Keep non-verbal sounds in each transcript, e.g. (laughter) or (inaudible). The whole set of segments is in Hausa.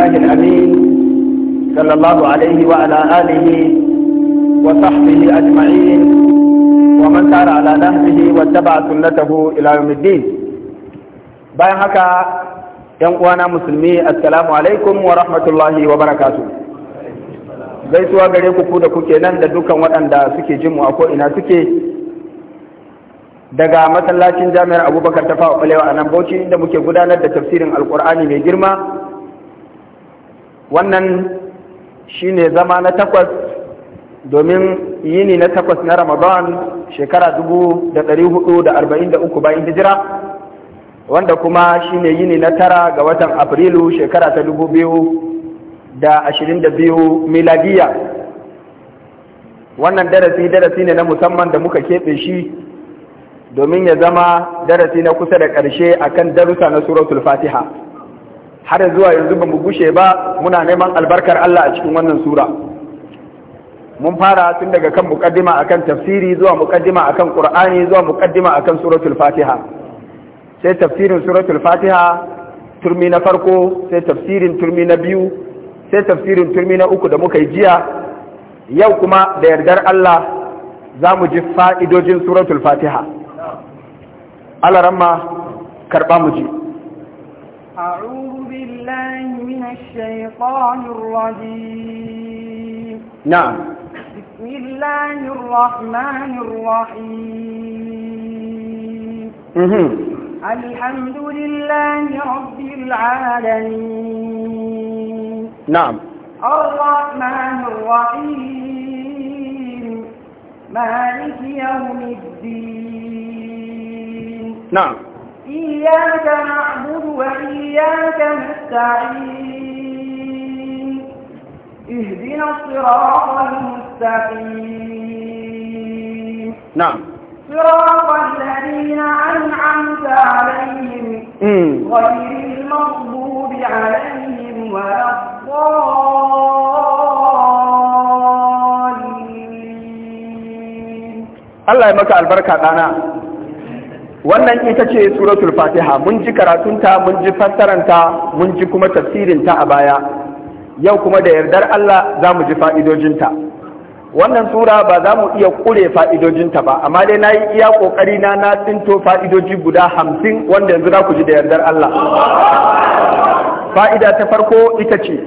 الله الأمين صلى الله عليه وعلى آله وصحبه أجمعين ومن سار على نهجه واتبع سنته إلى يوم الدين bayan haka ‘yan uwana musulmi assalamu alaikum wa rahmatullahi wa barakatu gaisuwa gare ku da kuke nan da dukan waɗanda suke jin mu a ko'ina suke daga masallacin jami'ar abubakar ta fawa ɓalewa a nan bauchi inda muke gudanar da tafsirin alkur'ani mai girma wannan shi ne zama na takwas domin yini na takwas na ramadan shekara uku bayan hijira wanda kuma shi ne yini na tara ga watan afrilu shekara ta biyu miladiya wannan darasi darasi ne na musamman da muka keɓe shi domin ya zama darasi na kusa da ƙarshe akan darusa na suratul fatiha har zuwa yanzu ba mu gushe ba muna neman albarkar Allah a cikin wannan sura mun fara tun daga kan muqaddima akan tafsiri zuwa muqaddima akan qur'ani zuwa muqaddima akan suratul fatiha sai tafsirin suratul fatiha turmi na farko sai tafsirin turmi na biyu sai tafsirin turmi na uku da muka yi jiya yau kuma da yardar Allah za mu ji fa'idojin suratul fatiha ramma karɓa mu ji الشيطان الرجيم نعم بسم الله الرحمن الرحيم الحمد لله رب العالمين نعم الرحمن الرحيم مالك يوم الدين نعم إياك نعبد وإياك نستعين اهدنا الصراط المستقيم نعم صراط الذين أنعمت عليهم غير المغضوب عليهم ولا الضالين الله يمكى البركة أنا wannan ita ce suratul fatiha mun ji karatunta mun ji fassaranta mun ji kuma tafsirinta a baya yau kuma da yardar Allah za mu ji fa'idojinta wannan sura ba za mu iya ƙure fa'idojinta ba amma dai na yi iya ƙoƙari na na tsinto fa'idoji guda hamsin wanda yanzu za ku ji da yardar Allah fa'ida ta farko ita ce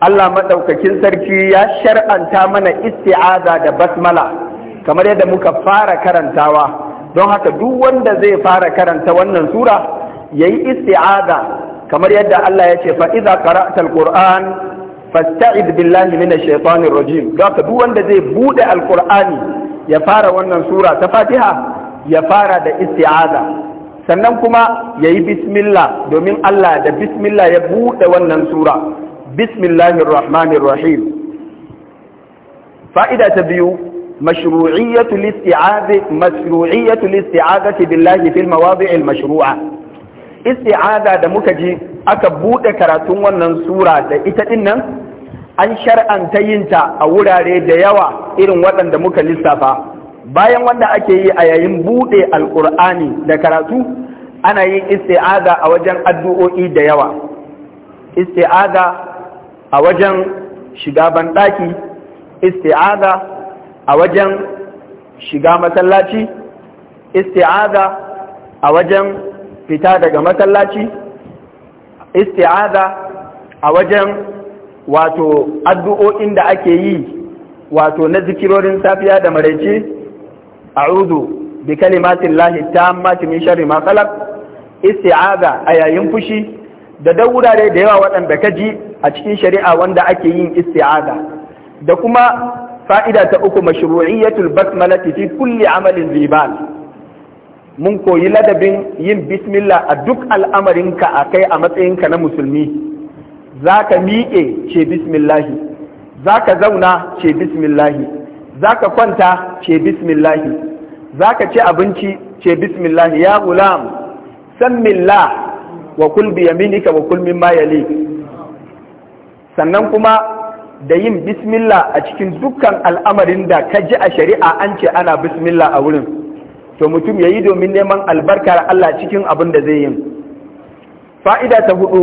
Allah maɗaukakin sarki ya shar'anta mana isti'aza da basmala kamar yadda muka fara karantawa don haka duk wanda zai fara karanta wannan sura ya yi isti'aza kamar yadda Allah ya ce fa idza qara'ta alquran fasta'id billahi minash shaitanir rajim ka duk wanda zai bude alkur'ani ya fara wannan sura ta Fatiha ya fara da isti'aza sannan kuma yayi bismillah domin Allah da bismillah ya bude wannan sura bismillahir rahmanir rahim fa'ida ta biyu mashru'iyyatu listi'azi mashru'iyyatu listi'azati billahi fil mawadi'il mashru'a isti'aza da muka ji aka buɗe karatun wannan sura da ita dinnan, an shar'anta yinta a wurare da yawa irin waɗanda muka lissafa bayan wanda ake yi a yayin buɗe alƙur'ani da karatu ana yin isti'aza a wajen addu'o'i da yawa isti'aza a wajen shiga banɗaki isti'aza a wajen shiga masallaci isti'aza a wajen fita daga masallaci isti'aza a wajen wato addu'o'in da ake yi wato na zikirorin safiya da maraice a a'udhu bi kalimatin lahi mati min shari ma isti'aza a yayin fushi da da wurare da yawa waɗanda kaji a cikin shari'a wanda ake yin isti'aza da kuma fa'ida ta uku mashru'iyyatul basmalati fi kulle amalin zibal mun koyi ladabin yin bismillah a duk al'amarinka a kai a matsayinka na musulmi za ka miƙe ce bismillahi za ka zauna ce bismillahi za ka kwanta ce bismillahi za ka ci abinci ce bismillahi ya gulam milla wa kulbi ya minika wa kulmin mimma sannan kuma da yin bismillah a cikin dukkan al'amarin da ka ji a shari'a an ce ana bismillah a wurin to mutum ya yi domin neman albarka Allah cikin abin da zai yi fa'ida ta hudu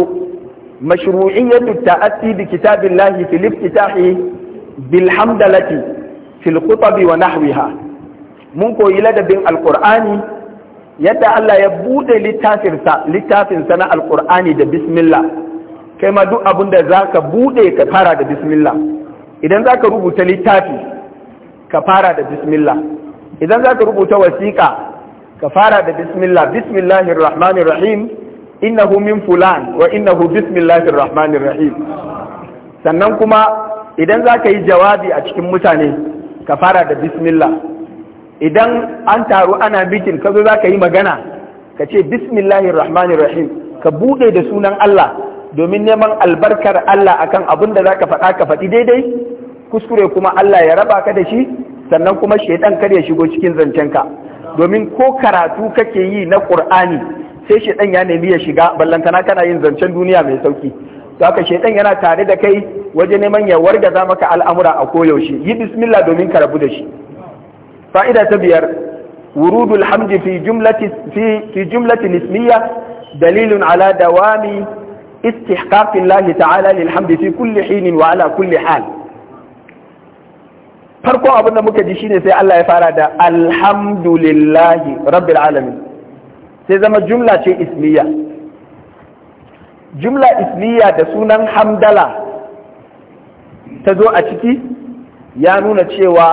mashru'iyyatu ta'assi bi kitabillahi fil iftitahi bil hamdalati fil khutabi wa nahwiha mun koyi ladabin alqur'ani yadda Allah ya bude littafinsa littafinsa na alqur'ani da bismillah kai ma duk abin da zaka bude ka fara da bismillah idan zaka rubuta littafi ka fara da bismillah idan za ka rubuta wasiƙa ka fara da bismillah bismillahir rahmanir rahim innahu min fulan wa innahu bismillahir rahmanir rahim sannan kuma idan za ka yi jawabi a cikin mutane ka fara da bismillah idan an taru ana bikin ka zo za ka yi magana ka ce bismillahir rahmanir rahim ka bude da sunan Allah domin neman albarkar Allah akan abin da za ka faɗa ka faɗi daidai kuskure kuma Allah ya raba ka da shi sannan kuma shaidan kar ya shigo cikin zancenka domin ko karatu kake yi na qur'ani sai shaidan ya nemi ya shiga ballantana kana yin zancen duniya mai sauki to haka shaidan yana tare da kai waje neman ya wargaza maka al'amura a koyaushe yi bismillah domin ka rabu da shi fa'ida ta biyar wurudul hamdi fi jumlati fi dalilun ala dawami istihqaqi ta'ala lil fi kulli hinin wa ala kulli hal farko abin da muka ji shine sai Allah ya fara da alhamdulillahi rabbil alamin sai zama jumla ce ismiya jumla ismiya da sunan hamdala ta zo a ciki ya nuna cewa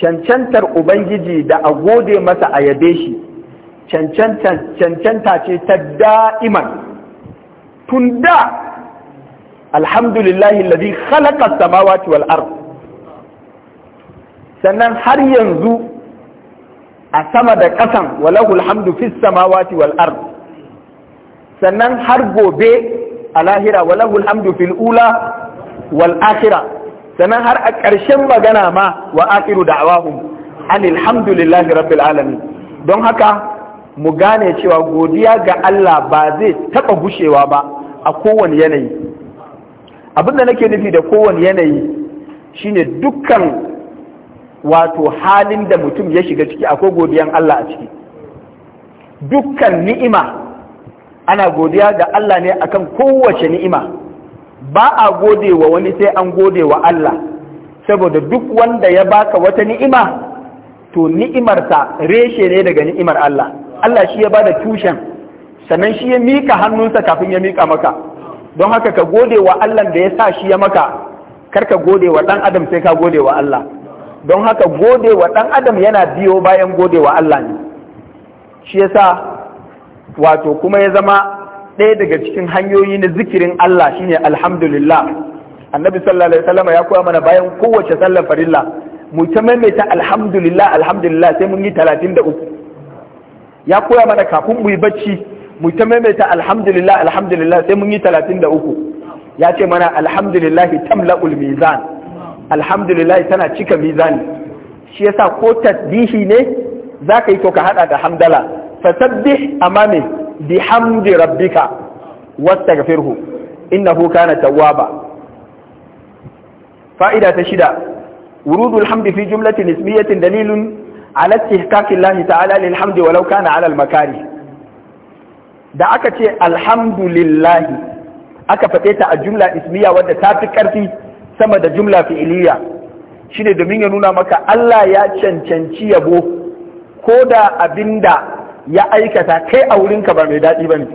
cancantar ubangiji da a gode masa a yabe shi cancanta ce ta da'iman tun da alhamdulillahi lalzi khalaqa samawati wal ard sannan har yanzu a sama da ƙasan walahu alhamdu fis samawati wal ard sannan har gobe a lahira walahu alhamdu fil ula wal akhira sannan har a ƙarshen magana ma wa akhiru da'awahum lillahi rabbil alamin don haka mu gane cewa godiya ga Allah ba zai taɓa gushewa ba a kowane yanayi abinda nake nufi da kowane yanayi shine dukkan wato halin da mutum ya shiga ciki akwai godiyan Allah a ciki dukkan ni'ima ana godiya ga Allah ne akan kowace ni'ima ba a gode wa wani sai an gode wa Allah saboda duk wanda ya baka wata ni'ima to ni'imarsa reshe ne daga ni'imar Allah Allah shi ya bada tushen sannan shi ya mika hannunsa kafin ya mika maka don haka ka gode wa Allah da ya sa shi ya maka kar ka gode wa ɗan adam sai ka gode wa Allah don haka gode wa ɗan adam yana biyo bayan gode wa Allah ne shi yasa wato kuma ya zama ɗaya daga cikin hanyoyi na zikirin Allah shine alhamdulillah annabi sallallahu alaihi wasallam ya koya mana bayan kowace sallar farilla mu ta maimaita alhamdulillah alhamdulillah sai mun yi talatin da uku ya koya mana kafin mu yi bacci mu ta maimaita alhamdulillah alhamdulillah sai mun yi talatin da uku ya ce mana alhamdulillah tamla'ul mizan alhamdulillah tana cika mizani shi yasa ko tasbihi ne zaka yi to ka hada da hamdala fasabbih amami bihamdi rabbika wastaghfirhu innahu kana tawwaba fa'ida ta shida wurudul hamdi fi jumlatin ismiyatin dalilun ala istihqaqi Allah ta'ala lil hamdi walau kana ala al makari da aka ce alhamdulillah aka fate ta a jumla ismiya wadda ta fi karfi sama da jumla fi'iliya shine domin ya nuna maka Allah ya cancanci yabo ko da abinda ya aikata kai a wurinka ba mai daɗi ba ne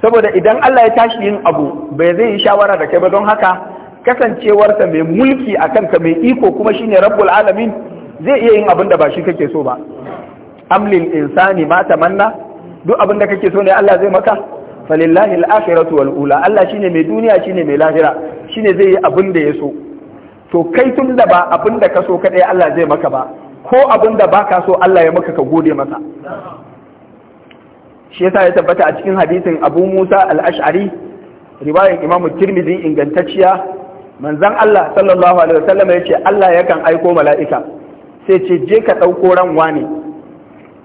saboda idan Allah ya tashi yin abu bai zai yi shawara da kai ba don haka kasancewarsa mai mulki a kanka mai iko kuma shine rabbul alamin zai iya yin abin da ba shi kake so ba amlil insani ma manna duk abin da kake so ne Allah zai maka falillahi al-akhiratu wal ula Allah shine mai duniya shine mai lahira shine zai yi abin da ya so to kai tun da ba abin da ka so kadai Allah zai maka ba ko abin da baka so Allah ya maka ka gode masa shi yasa ya tabbata a cikin hadisin Abu Musa al-Ash'ari riwayar Imam Tirmidhi ingantacciya manzon Allah sallallahu alaihi wasallam yace Allah yakan aiko mala'ika sai ce je ka dauko ran wani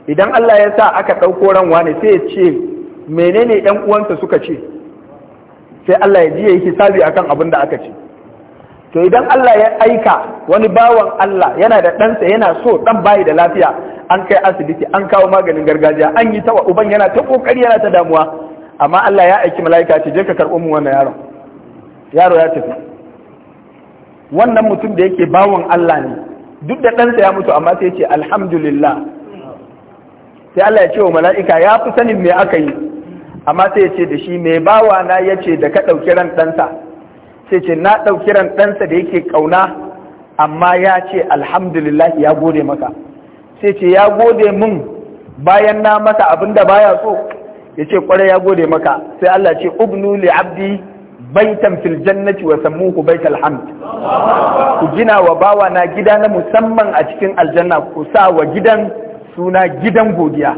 idan Allah ya sa aka dauko ran wani sai ya ce menene yan uwansa suka ce sai Allah ya ji ya yi hisabi akan abin da aka ce to idan Allah ya aika wani bawan Allah yana da ɗansa yana so ɗan bayi da lafiya an kai asibiti an kawo maganin gargajiya an yi ta uban yana ta kokari yana ta damuwa amma Allah ya aiki mala'ika ce je ka karɓo mu wannan yaron yaro ya tafi wannan mutum da yake bawan Allah ne duk da ɗansa ya mutu amma sai ce alhamdulillah sai Allah ya ce wa mala'ika ya fi sanin me aka yi amma sai ce da shi mai bawa na ya ce da ka ɗauki ran ɗansa sai ce na ɗauki ran ɗansa da yake ƙauna amma ya ce alhamdulillah ya gode maka sai ce ya gode mun bayan na masa abin da baya so ya ce ƙwarai ya gode maka sai Allah ce ubnu li abdi baitan fil jannati wa sammuhu baital hamd ku gina wa bawa na gida na musamman a cikin aljanna ku sa wa gidan suna gidan godiya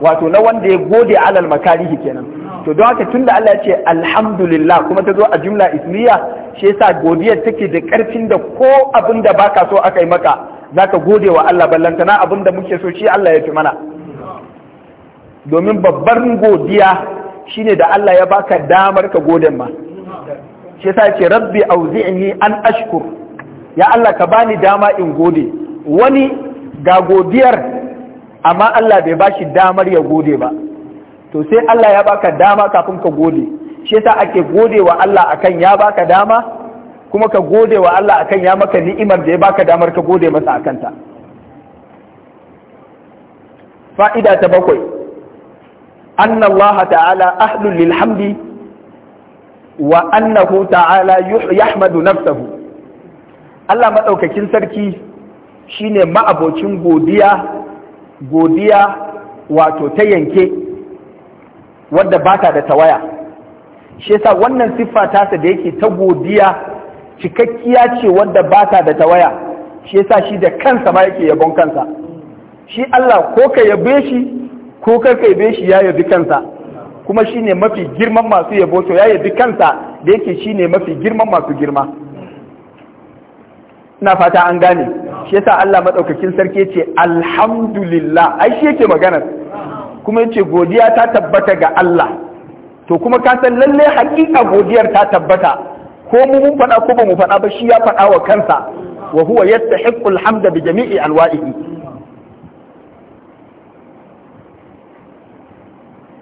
wato na wanda ya gode alal makarihi kenan to don haka tunda Allah ya ce alhamdulillah kuma ta zo a jumla ismiya shi yasa godiyar take da karfin da ko abin da baka so aka yi maka zaka gode wa Allah ballantana abin da muke so shi Allah ya fi mana domin babbar godiya shine da Allah ya baka damar ka goden ma shi yasa ce rabbi auzi'ni an ashkur ya Allah ka bani dama in gode wani ga godiyar amma Allah bai ba shi damar ya gode ba to sai Allah ya baka dama kafin ka gode shi yasa ake gode wa Allah akan ya baka dama kuma ka gode wa Allah akan ya maka ni'imar da ya baka damar ka gode masa akan ta fa'ida ta bakwai anna Allah ta'ala ahlul lil hamdi wa annahu ta'ala yahmadu nafsahu Allah madaukakin sarki shine ma'abocin godiya godiya wato ta yanke wadda ba ta da tawaya shi yasa wannan siffa tasa da yake ta godiya cikakkiya ce wadda ba ta da tawaya shi yasa shi da kansa ma yake yabon kansa shi Allah ko ka yabe shi ko kar ka yabe shi ya yabi kansa kuma shi ne mafi girman masu yabo to ya yabi kansa da yake shi ne mafi girman masu girma na fata an gane shi yasa Allah maɗaukakin sarki ce alhamdulillah ai shi yake magana kuma yace godiya ta tabbata ga Allah to kuma ka san lalle hakika godiyar ta tabbata ko mu mun faɗa ko ba mu faɗa ba shi ya faɗa wa kansa wa huwa yastahiqqu alhamda bi jami'i alwa'ihi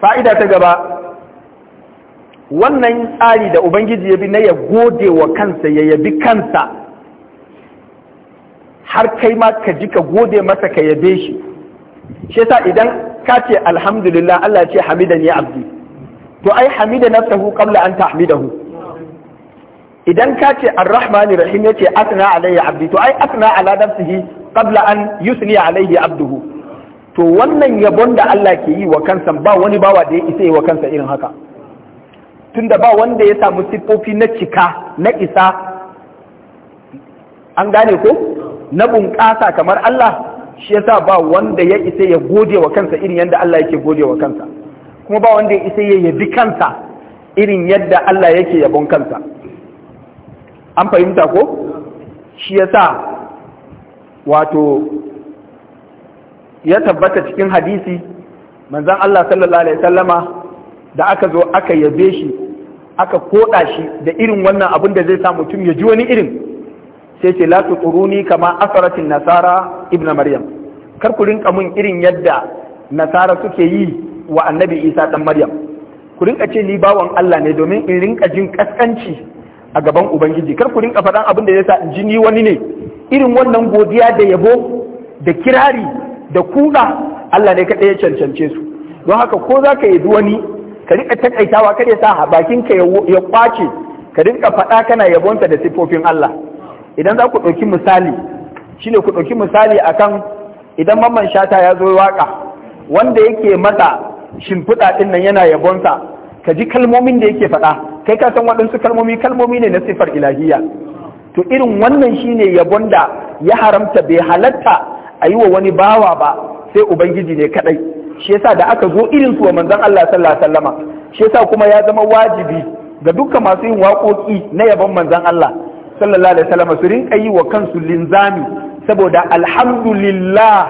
fa'ida ta gaba wannan tsari da ubangiji ya bi na ya gode wa kansa ya yabi kansa har kai ma ka ji ka gode masa ka yabe shi shi yasa idan ka ce alhamdulillah Allah ya ce hamidan ya abdi to ai hamida nafsahu qabla an tahmidahu idan ka ce arrahmani rahim ya ce asna alayya abdi to ai asna ala nafsihi qabla an yusni alayhi abduhu to wannan yabon da Allah ke yi wa kansa ba wani bawa da ya isa yi wa kansa irin haka tunda ba wanda ya samu siffofi na cika na isa an gane ko na bunƙasa kamar Allah shi yasa ba wanda ya isa ya gode wa kansa irin yadda Allah yake gode wa kansa kuma ba wanda ya isa ya yabi kansa irin yadda Allah yake yabon kansa an fahimta ko shi yasa wato ya tabbata cikin hadisi manzan Allah sallallahu alaihi sallama da aka zo aka yabe shi aka koda shi da irin wannan abin da zai sa mutum ya ji wani irin sai ce la tuquruni kama asaratin nasara ibnu maryam kar ku rinka mun irin yadda nasara suke yi wa annabi isa dan maryam ku rinka ce ni bawan Allah ne domin in rinka jin kaskanci a gaban ubangiji kar ku rinka faɗan abin da yasa in ji ni wani ne irin wannan godiya da yabo da kirari da kula, Allah ne kaɗai ya cancance su don haka ko za ka yi wani ka rinka takaitawa kada ya sa bakinka ya kwace ka rinka faɗa kana yabonta da siffofin Allah idan za ku ɗauki misali shi ne ku ɗauki misali akan idan mamman shata ya zo waƙa, wanda yake mata shimfiɗa ɗin nan yana yabonsa ka ji kalmomin da yake faɗa kai ka san waɗansu kalmomi kalmomi ne na sifar ilahiyya to irin wannan shi ne yabon da ya haramta bai halatta a yi wa wani bawa ba sai ubangiji ne kaɗai shi yasa da aka zo irin su wa manzon Allah sallallahu alaihi wasallama shi yasa kuma ya zama wajibi ga dukkan masu yin waƙoƙi na yabon manzon Allah sallallahu alaihi wasallam su rinka yi wa kansu linzami saboda alhamdulillah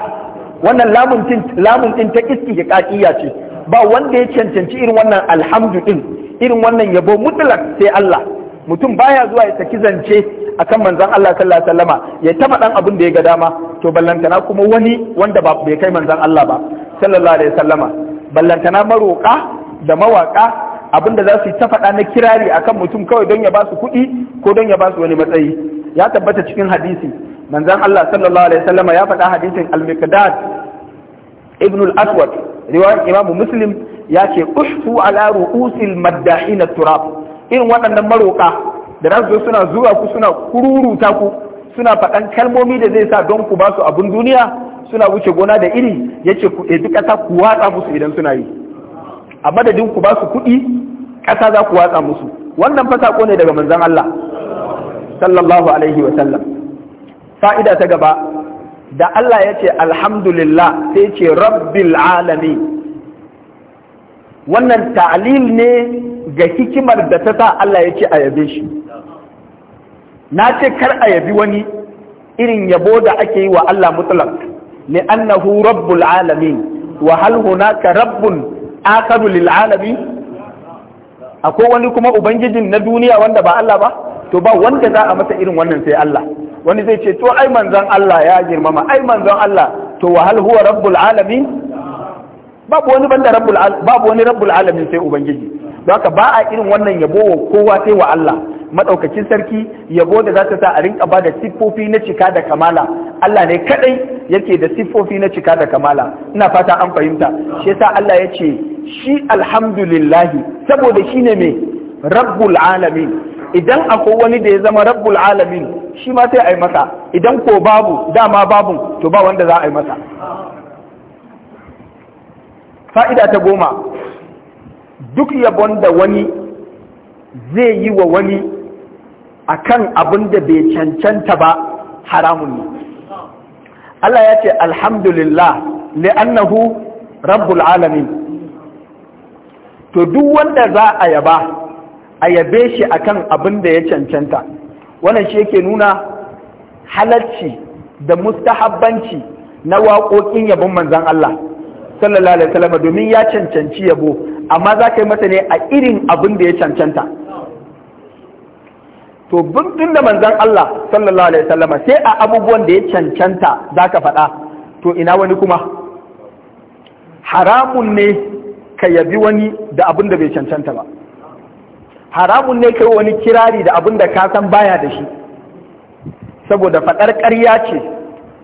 wannan lamun din lamun din ta istiqaqiya ce ba wanda ya cancanci irin wannan alhamdu din irin wannan yabo mutlak sai Allah mutum baya zuwa ya saki zance akan manzon Allah sallallahu alaihi wasallama ya taba dan abin da ya ga dama to ballantana kuma wani wanda ba bai kai manzon Allah ba sallallahu alaihi wasallama ballantana maroka da mawaka Abin da za su yi ta faɗa na kirari akan mutum kawai don ya ba su kuɗi ko don ya ba su wani matsayi ya tabbata cikin hadisi manzon Allah sallallahu alaihi wasallam ya faɗa hadisin al-miqdad ibn al-aswad riwayar imamu muslim ya ce ushfu ala ru'usil maddahin turab irin waɗannan maroƙa da za su suna zuwa ku suna kururuta ku suna faɗan kalmomi da zai sa don ku ba su abin duniya suna wuce gona da iri yace ku duka ƙasa ku watsa musu idan suna yi a madadin ku ba su kuɗi ƙasa za ku watsa musu wannan fa sako ne daga manzon Allah sallallahu alaihi wa sallam fa'ida ta gaba da Allah ya ce alhamdulillah sai ce rabbil alamin wannan ta'lil ne ga hikimar da ta sa Allah ya ce a yabe shi na ce kar a yabi wani irin yabo da ake yi wa Allah mutlak li annahu rabbul alamin wa hal hunaka rabbun akadu lil alamin akwai wani kuma ubangijin na duniya wanda ba Allah ba to ba wanda za a masa irin wannan sai Allah wani zai ce to ai manzon Allah ya girmama ai manzon Allah to wa hal huwa rabbul alamin babu wani banda rabbul babu wani rabbul alamin sai ubangiji don haka ba a irin wannan yabo kowa sai wa Allah madaukakin sarki yabo da za ta sa a rinka ba da siffofi na cika da kamala Allah ne kadai yake da siffofi na cika da kamala ina fata an fahimta shi yasa Allah ya ce shi alhamdulillah saboda shi ne mai rabbul alamin idan akwai wani da ya zama rabbul alamin shi ma sai a yi masa idan ko babu dama babu to ba wanda za a yi masa fa'ida ta goma duk yabon da wani zai yi wa wani A kan abin da bai cancanta ba haramun ne Allah ya ce alhamdulillah li'annahu rabbul alamin to duk wanda za a yaba a yabe shi kan abin da ya cancanta wannan shi yake nuna halarci da mustahabbanci na waƙoƙin yabon manzan Allah sallallahu alaihi wasallam domin ya cancanci yabo amma za ka yi masa ne a irin abin da ya cancanta to bin da manzon Allah sallallahu alaihi sallama sai a abubuwan da ya cancanta zaka faɗa to ina wani kuma haramun ne ka yabi wani da abin da bai cancanta ba haramun ne kai wani kirari da abin da ka san baya da shi saboda faɗar ƙarya ce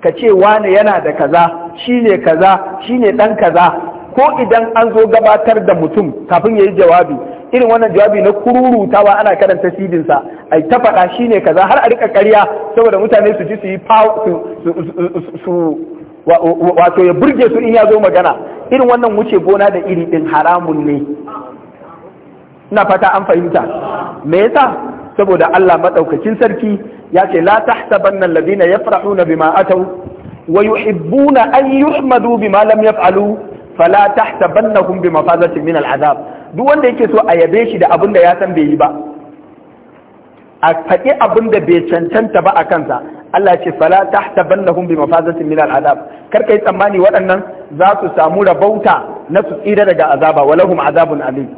ka ce wani yana da kaza shi ne kaza shi ne ɗan kaza ko idan an zo gabatar da mutum kafin ya yi jawabi irin wannan jawabi na kururutawa ana karanta sidin sa ai ta faɗa shine kaza har a rika ƙarya saboda mutane su ji su yi su wato ya burge su in ya zo magana irin wannan wuce gona da iri ɗin haramun ne ina fata an fahimta me yasa saboda Allah madaukakin sarki ya ce la tahsabanna alladhina yafrahuna bima atau wa yuhibbuna an yuhmadu bima lam yaf'alu fala tahsabannahum bi mafazatin min al'azab duk wanda yake so a yabe shi da abin da ya san bai yi ba a faɗi abin da bai cancanta ba a kansa Allah ce fala ta hun bi mafazatin min azab kar yi tsammani waɗannan za su samu rabauta na su tsira daga azaba walahum azabun azim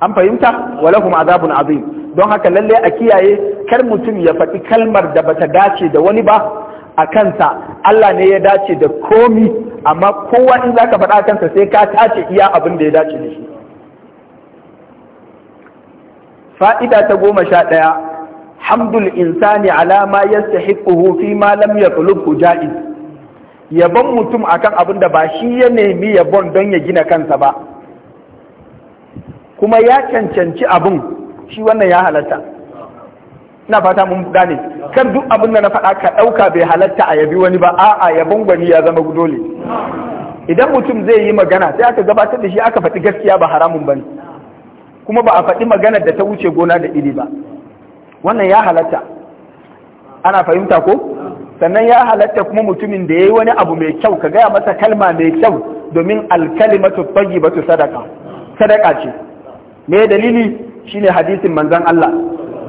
an fahimta walahum azabun azim don haka lallai a kiyaye kar mutum ya faɗi kalmar da bata dace da wani ba a kansa Allah ne ya dace da komi amma kowa in zaka faɗa kansa sai ka tace iya abin da ya dace da shi fa'ida ta goma sha ɗaya hamdul insani alama ma yastahiquhu fi ma lam yatlubhu ja'iz yabon mutum akan abin da ba shi ya nemi yabon don ya gina kansa ba kuma ya cancanci abin shi wannan ya halatta ina fata mun gane kan duk abin da na faɗa ka ɗauka bai halatta a yabi wani ba a'a yabon gwani ya zama dole idan mutum zai yi magana sai aka gabatar da shi aka faɗi gaskiya ba haramun ba bane kuma ba a faɗi maganar da ta wuce gona da iri ba wannan ya halatta ana fahimta ko sannan ya halatta kuma mutumin da ya yi wani abu mai kyau ka gaya masa kalma mai kyau domin alkalimatu tayyibatu sadaka sadaka ce me dalili shine hadisin manzon Allah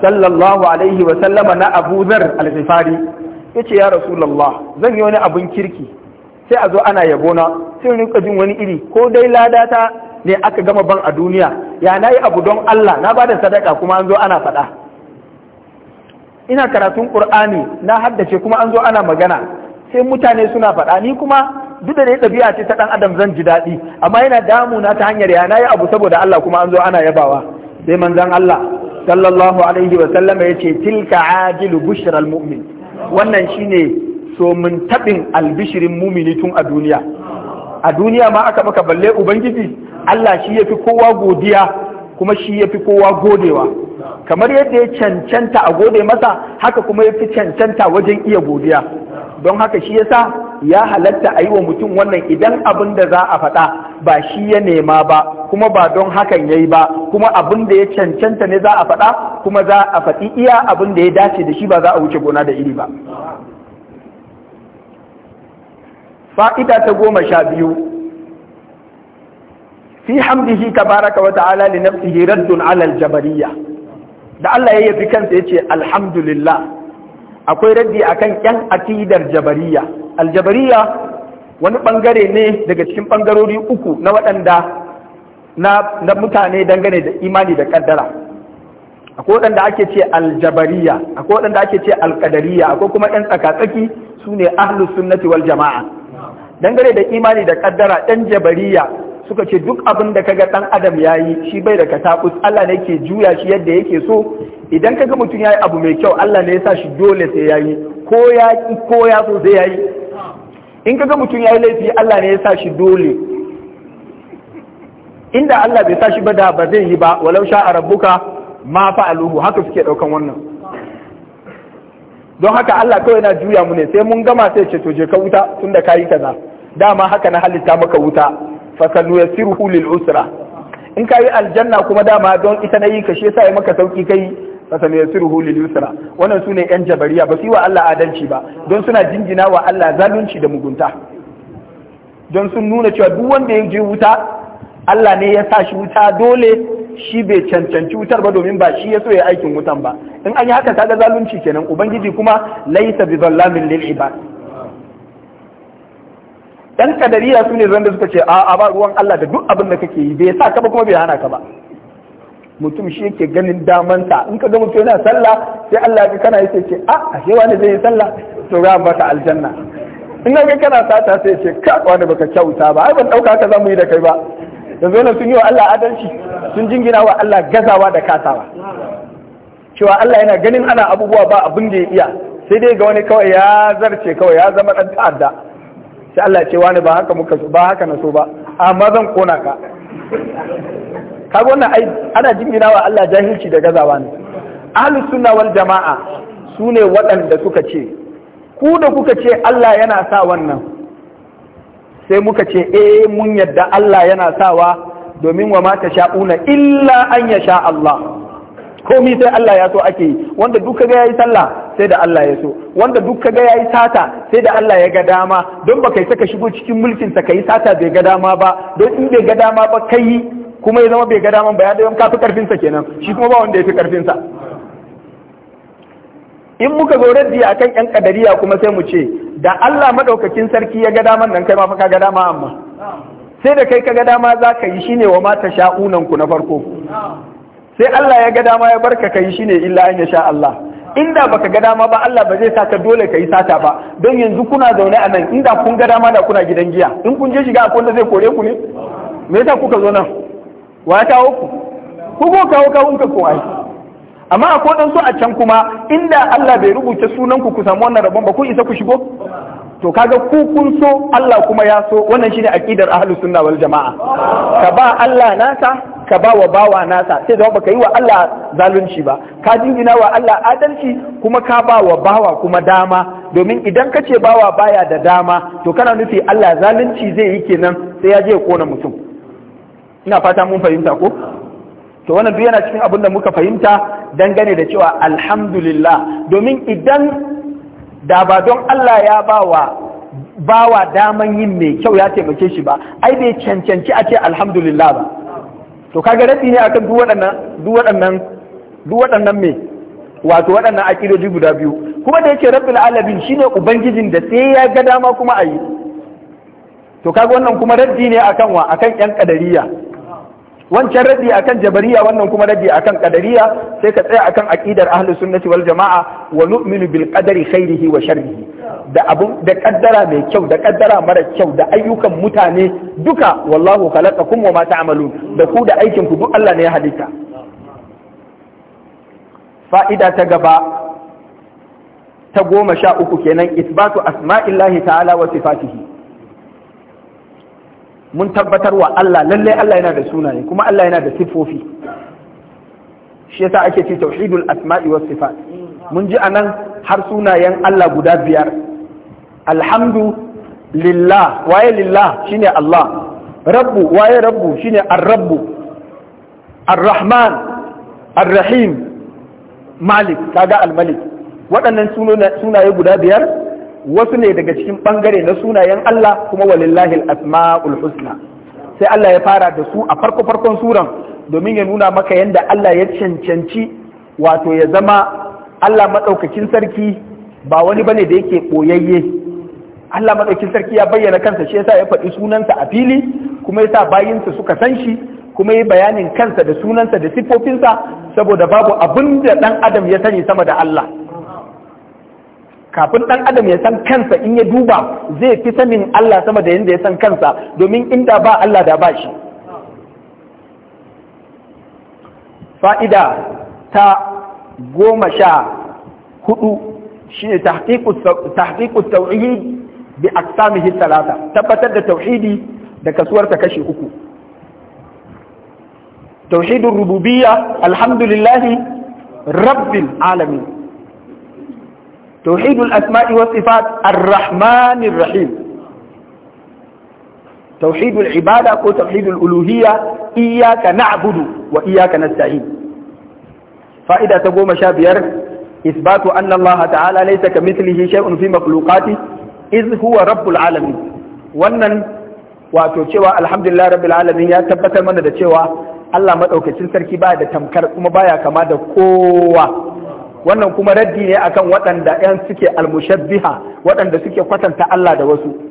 sallallahu alaihi wa sallama na Abu Zar al-Ghifari yace ya Rasulullah zan yi wani abun kirki sai a zo ana yabona sai rinka jin wani iri ko dai ladata ne aka gama ban a duniya ya nayi abu don Allah na bada sadaka kuma an zo ana faɗa ina karatun Qur'ani na haddace kuma an zo ana magana sai mutane suna faɗa ni kuma duk da dai ɗabi'a ce ta ɗan adam zan ji daɗi amma yana damuna ta hanyar ya yi abu saboda Allah kuma an zo ana yabawa sai manzon Allah sallallahu alaihi wa sallama ce, tilka ajilu bushral mu'min wannan shine somin tabin albishirin mumini tun a duniya a duniya ma aka maka balle ubangiji Allah shi yafi kowa godiya kuma shi yafi kowa godewa kamar yadda ya cancanta a gode masa haka kuma yafi cancanta wajen iya godiya don haka shi yasa ya halatta a yi wa mutum wannan idan abin da za a faɗa ba shi ya nema ba kuma ba don hakan ya yi ba kuma abin da ya cancanta ne za a faɗa kuma za a faɗi iya abin da ya dace da shi ba za a wuce gona da iri ba fa'ida ta goma sha biyu fi hamdihi tabaraka wa ta'ala li nafsihi raddun ala al-jabariyya da Allah ya yafi kansa ya yace alhamdulillah akwai raddi kan yan akidar jabariya aljabariya wani bangare ne daga cikin ɓangarori uku na waɗanda na, mutane dangane da imani da kaddara akwai waɗanda ake ce aljabariya akwai waɗanda ake ce alkadariya akwai kuma yan tsakatsaki su ne ahlus sunnati wal jama'a dangane da imani da kaddara yan jabariya suka ce duk abin da kaga dan adam yi shi bai da katakus Allah ne ke juya shi yadda yake so idan kaga mutum ya yi abu mai kyau Allah ne ya sa shi dole sai yi ko ya ko ya so sai ya yi? in kaga mutum ya yi laifi Allah ne ya sa shi dole inda Allah bai sa shi ba da ba zai yi ba walau a rabbuka ma fa'aluhu haka suke daukan wannan don haka Allah kawai na juya mu ne sai mun gama sai ce to je ka wuta tunda kayi kaza dama haka na halitta maka wuta fasanu yassiruhu lil usra in ka aljanna kuma dama don ita na yi kashe sa ya maka sauki kai fasanu yassiruhu lil usra wannan sune yan jabariya ba su yi wa Allah adalci ba don suna jingina wa Allah zalunci da mugunta don sun nuna cewa duk wanda ya je wuta Allah ne ya sa shi wuta dole shi bai cancanci wutar ba domin ba shi ya so ya aikin wutan ba in an yi haka kaga zalunci kenan ubangiji kuma laisa bi zallamin lil ibad yan kadariya su ne zanda suka ce a ba ruwan Allah da duk abin da kake yi bai sa ka ba kuma bai hana ka ba mutum shi yake ganin damanta in ka ga mutum yana sallah sai Allah ya kana yake ce a ah, ashe wani zai yi sallah to ga baka aljanna in ga kana sata sai ce ka wani baka kyauta ba ai ban dauka ka zamu yi da kai ba yanzu na sun yi wa Allah adalci sun jingina wa Allah gazawa da kasawa cewa Allah yana ganin ana abubuwa ba abin da ya iya sai dai ga wani kawai ya zarce kawai ya zama dan ta'adda sai Allah ce wani ba haka muka ba haka na so ba amma zan kona ka ka gona ai ana jingina wa Allah jahilci da gazawa ne ahlus sunna wal jama'a sune waɗanda suka ce ku da kuka ce Allah yana sa wannan sai muka ce eh mun yadda Allah yana sawa domin wa ma sha'una illa an yasha Allah komi sai Allah ya so ake yi wanda duk kaga yayi sallah sai da Allah ya so wanda duk kaga yayi sata sai da Allah ya ga dama don baka saka shigo cikin mulkin ta kai sata bai ga dama ba don in bai ga dama ba kai kuma ya zama bai ga dama ba ya da ka fi karfin sa kenan shi kuma ba wanda ya fi karfin sa in muka zo raddi a kan 'yan kadariya kuma sai mu ce da Allah maɗaukakin sarki ya ga daman nan kai ma fa ka ga dama amma sai da kai ka ga dama za ka yi shine wa mata sha'unan ku na farko sai Allah ya ga dama ya barka kai shine illa an sha Allah inda baka ga dama ba Allah ba zai saka dole kai sata ba don yanzu kuna zaune a nan inda kun ga dama da kuna gidan giya in kun je shiga akwai wanda zai kore ku ne me yasa kuka zo nan wa ya kawo ku ku go kawo kawun ka ko ai amma akwai dan su a can kuma inda Allah bai rubuta sunan ku ku samu wannan rabon ba ku isa ku shigo to kaga ku kun so Allah kuma ya so wannan shine aqidar ahlus sunna wal jamaa ka ba Allah nasa ka ba wa bawa nasa sai da baka yi wa Allah zalunci ba ka jingina wa Allah adalci kuma ka ba wa bawa kuma dama domin idan ka bawa baya da dama to kana nufi Allah zalunci zai yi kenan sai ya je ya kona mutum ina fata mun fahimta ko to wannan duk yana cikin abin da muka fahimta dangane da cewa alhamdulillah domin idan da ba don Allah ya bawa bawa daman yin mai kyau ya taimake shi ba ai bai cancanci a ce alhamdulillah ba to kaga rabi ne akan duk waɗannan duk waɗannan duk waɗannan me wato waɗannan akidoji guda biyu kuma da yake rabbil alamin shine ubangijin da sai ya ga dama kuma ayi to kaga wannan kuma raddi ne akan wa akan yan kadariya wancan raddi akan jabariya wannan kuma raddi akan qadariya sai ka tsaya akan aqidar ahlus sunnati wal jamaa wa nu'minu bil qadari khairihi wa sharrihi da abun da kaddara mai kyau da kaddara mara kyau da ayyukan mutane duka wallahu khalaqakum wa ma ta'malun da ku da aikin ku duk Allah ne ya halitta fa'ida ta gaba ta goma sha uku kenan isbatu asma'illahi ta'ala wa sifatihi mun tabbatar wa Allah lallai Allah yana da sunaye kuma Allah yana da sifofi shi yasa ake ce tauhidul asma'i was sifat mun ji anan har sunayen Allah guda biyar alhamdu lillah waye lillah shine Allah rabbu waye rabbu shine ar-rabbu ar-rahman ar-rahim malik kaga al-malik waɗannan sunaye guda biyar wasu ne daga cikin bangare na sunayen Allah kuma walillahi asmaul husna sai Allah ya fara da su a farko farkon suran domin ya nuna maka yadda Allah ya cancanci wato ya zama Allah maɗaukakin sarki ba wani bane da yake ɓoyayye Allah maɗaukakin sarki ya bayyana kansa shi yasa ya faɗi sunansa a fili kuma yasa bayinsa suka san shi kuma yi bayanin kansa da sunansa da siffofinsa saboda babu abin da ɗan adam ya sani sama da Allah kafin ɗan adam ya san kansa in ya duba zai fi sanin Allah sama da yadda ya san kansa domin inda ba Allah da ba shi fa'ida ta goma sha hudu shi ne tahqiqut tauhid bi aqsamihi talata tabbatar da tauhidi da kasuwar ta kashi uku tauhidin rububiyya alhamdulillahi rabbil alamin tauhidul asma'i was sifat rahim tauhidul ibada ko tauhidul uluhiyya iyyaka na'budu wa iyyaka nasta'in fa'ida ta goma sha biyar isbatu annallaha Allah ta'ala laysa kamithlihi shay'un fi makhluqati iz huwa rabbul alamin wannan wato cewa alhamdulillah rabbil alamin ya tabbatar mana da cewa Allah madaukakin sarki baya da tamkar kuma baya kama da kowa wannan kuma raddi ne akan waɗanda ‘yan suke almushabbiha waɗanda suke kwatanta Allah da wasu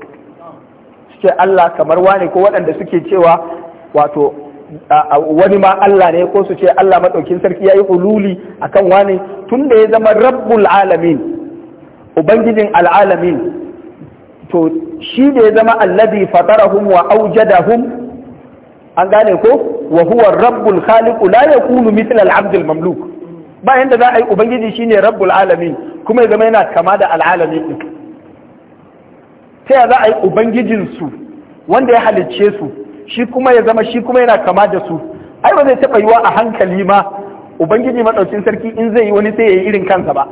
suke Allah kamar wane ko waɗanda suke cewa wato wani ma Allah ne ko su ce Allah maɗaukin sarki ya yi ululi akan wane tun da ya zama rabbul alamin ubangijin al'alamin to shi da ya zama allazi fatarahum wa aujadahum an gane ko wa huwa rabbul khaliq la yakunu mithla al-abd al-mamluk ba yadda za a yi ubangiji ne rabbul alamin kuma ya zama yana kama da al'alamin din ta ya za a yi ubangijinsu wanda ya halicce su shi kuma ya zama shi kuma yana kama da su ai ba zai taɓa yiwa a hankali ma ubangiji maɗaukin sarki in zai yi wani sai ya yi irin kansa ba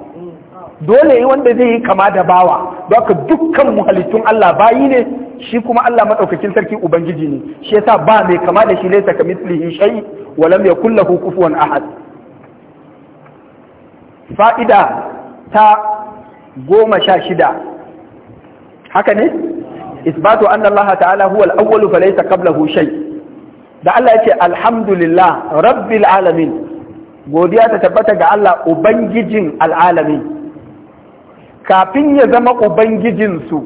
dole yi wanda zai yi kama da bawa don haka dukkan muhallitun Allah bayi ne shi kuma Allah maɗaukakin sarki ubangiji ne shi yasa ba mai kama da shi laisa kamithlihi shay wa lam yakul lahu kufuwan ahad fa'ida ta goma sha shida haka ne isbatu an Allah ta'ala huwa auwalu awwal kabla kabla da Allah yace alhamdulillah rabbil alamin godiya ta tabbata ga Allah ubangijin al'alamin kafin ya zama ubangijinsu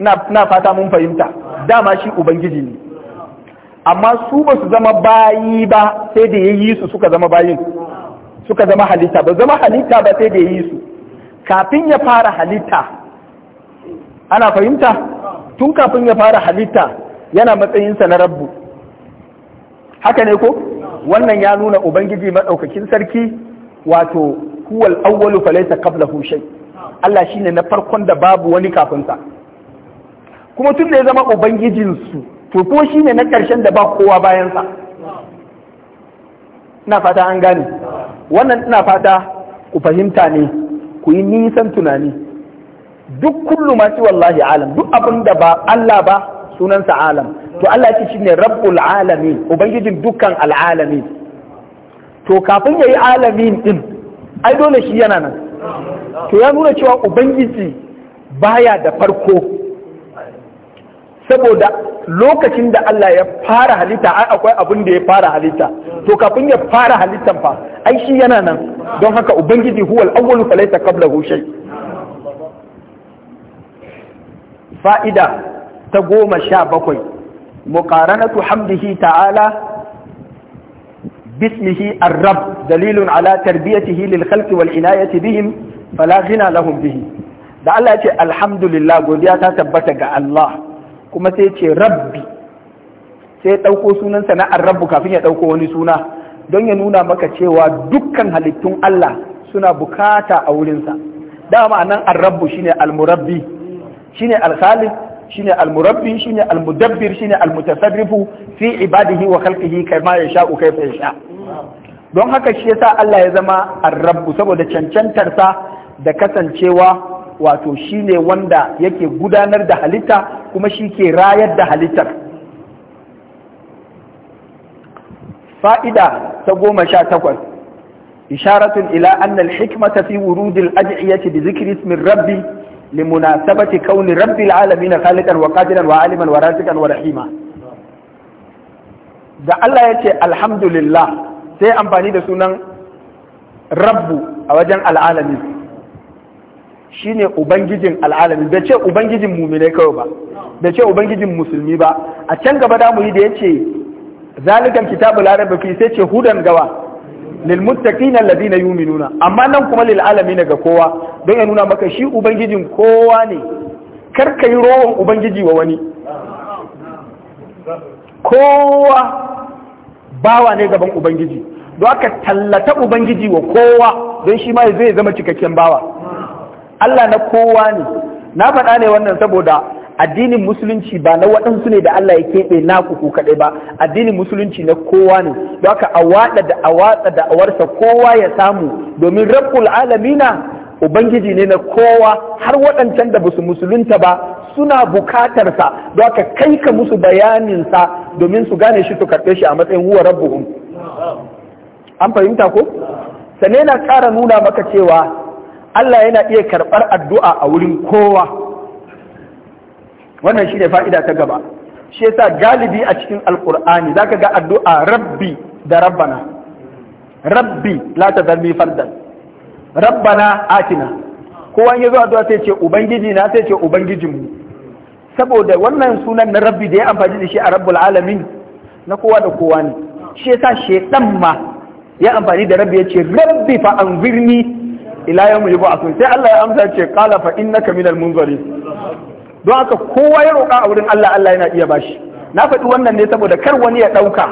na fata mun fahimta dama shi ubangiji ne amma su ba su zama bayi ba sai da ya yi su suka zama bayin suka zama halitta ba zama halitta ba sai da ya yi su kafin ya fara halitta ana fahimta tun kafin ya fara halitta yana matsayinsa na rabbu haka ne ko wannan ya nuna ubangiji maɗaukakin sarki wato huwal awwalu falaysa qablahu shay Allah shine na farkon da babu wani kafinsa kuma tun da ya zama ubangijinsu to ko shi ne na ƙarshen da ba kowa bayansa ina fata an gane wannan ina fata ku fahimta ne ku yi nisan tunani duk kullu masu wallahi alam duk abin da ba Allah ba sunansa alam to Allah ce shi ne rabbul alami ubangijin dukkan al'alami to kafin ya yi alami din ai dole shi yana nan to ya nuna cewa ubangiji baya da farko saboda lokacin da Allah ya fara halitta ai akwai abin da ya fara halitta to kafin ya fara halitta fa ai shi yana nan don haka ubangiji huwal awwalu falaysa qablahu shay fa'ida ta goma sha bakwai mukaranatu hamdihi ta'ala bismihi ar-rabb dalilun ala tarbiyatihi lil wal inayati bihim fala ghina da Allah ya ce alhamdulillah godiya ta tabbata ga Allah kuma sai ce rabbi sai ya ɗauko sunansa na arrabu kafin ya ɗauko wani suna don ya nuna maka cewa dukkan halittun Allah suna bukata a wurinsa dama nan arrabu shine almurabbi shine shi shine almurabbi shine almudabbir shine almutasarrifu fi ibadihi wa khalqihi kama yasha'u kayfa yasha don haka shi yasa Allah ya zama arrabu saboda cancantarsa da kasancewa wato shi ne wanda yake gudanar da halitta kuma shi ke rayar da halittar fa'ida ta goma sha takwas isharatun ila annal hikmata fi wurudil ajiyati da zikiri ismin rabbi sabati kauni alalami na khaliqan wa kajinan wa aliman wa rasikan wa rahima da Allah yace alhamdulillah sai amfani da sunan rabbu a wajen al'alamin Shi ne ubangijin al'alami bai ce ubangijin muminai kawai ba bai ce ubangijin musulmi ba a can gaba da yi da yace zalikan kitabu larabi fi sai ce hudan gawa lil muttaqina alladhina yu'minuna amma nan kuma lil alamin ga kowa don ya nuna maka shi ubangijin kowa ne kar ka yi rowan ubangiji wa wani kowa bawa ne gaban ubangiji don aka tallata ubangiji wa kowa don shi ma zai zama cikakken bawa Allah na kowa ne na faɗa ne wannan saboda addinin musulunci ba na waɗansu ne da Allah ya keɓe naku kuku kaɗai ba addinin musulunci na kowa ne don haka a waɗa da a watsa da awarsa kowa ya samu domin rabbul alamina ubangiji ne na kowa har waɗancan da basu musulunta ba suna bukatarsa don haka kai ka musu bayaninsa domin su gane shi su karɓe shi a matsayin huwa rabbuhum an fahimta ko sane na ƙara nuna maka cewa Allah yana iya karɓar addu'a a wurin kowa wannan shi ne fa'ida ta gaba shi yasa galibi a cikin alƙur'ani za ka ga addu'a rabbi da rabbana rabbi la ta zarbi fardan rabbana atina kowa ya zo addu'a sai ce ubangiji na sai ce ubangijinmu saboda wannan sunan na rabbi da ya amfani da shi a rabbul alamin na kowa da kowa ne shi yasa shedan ma ya amfani da rabbi ya ce rabbi fa anzirni ila yawmi sun, sai Allah ya amsa ce kala fa innaka minal munzarin don haka kowa ya roƙa a wurin Allah Allah yana iya bashi na faɗi wannan ne saboda kar wani ya ɗauka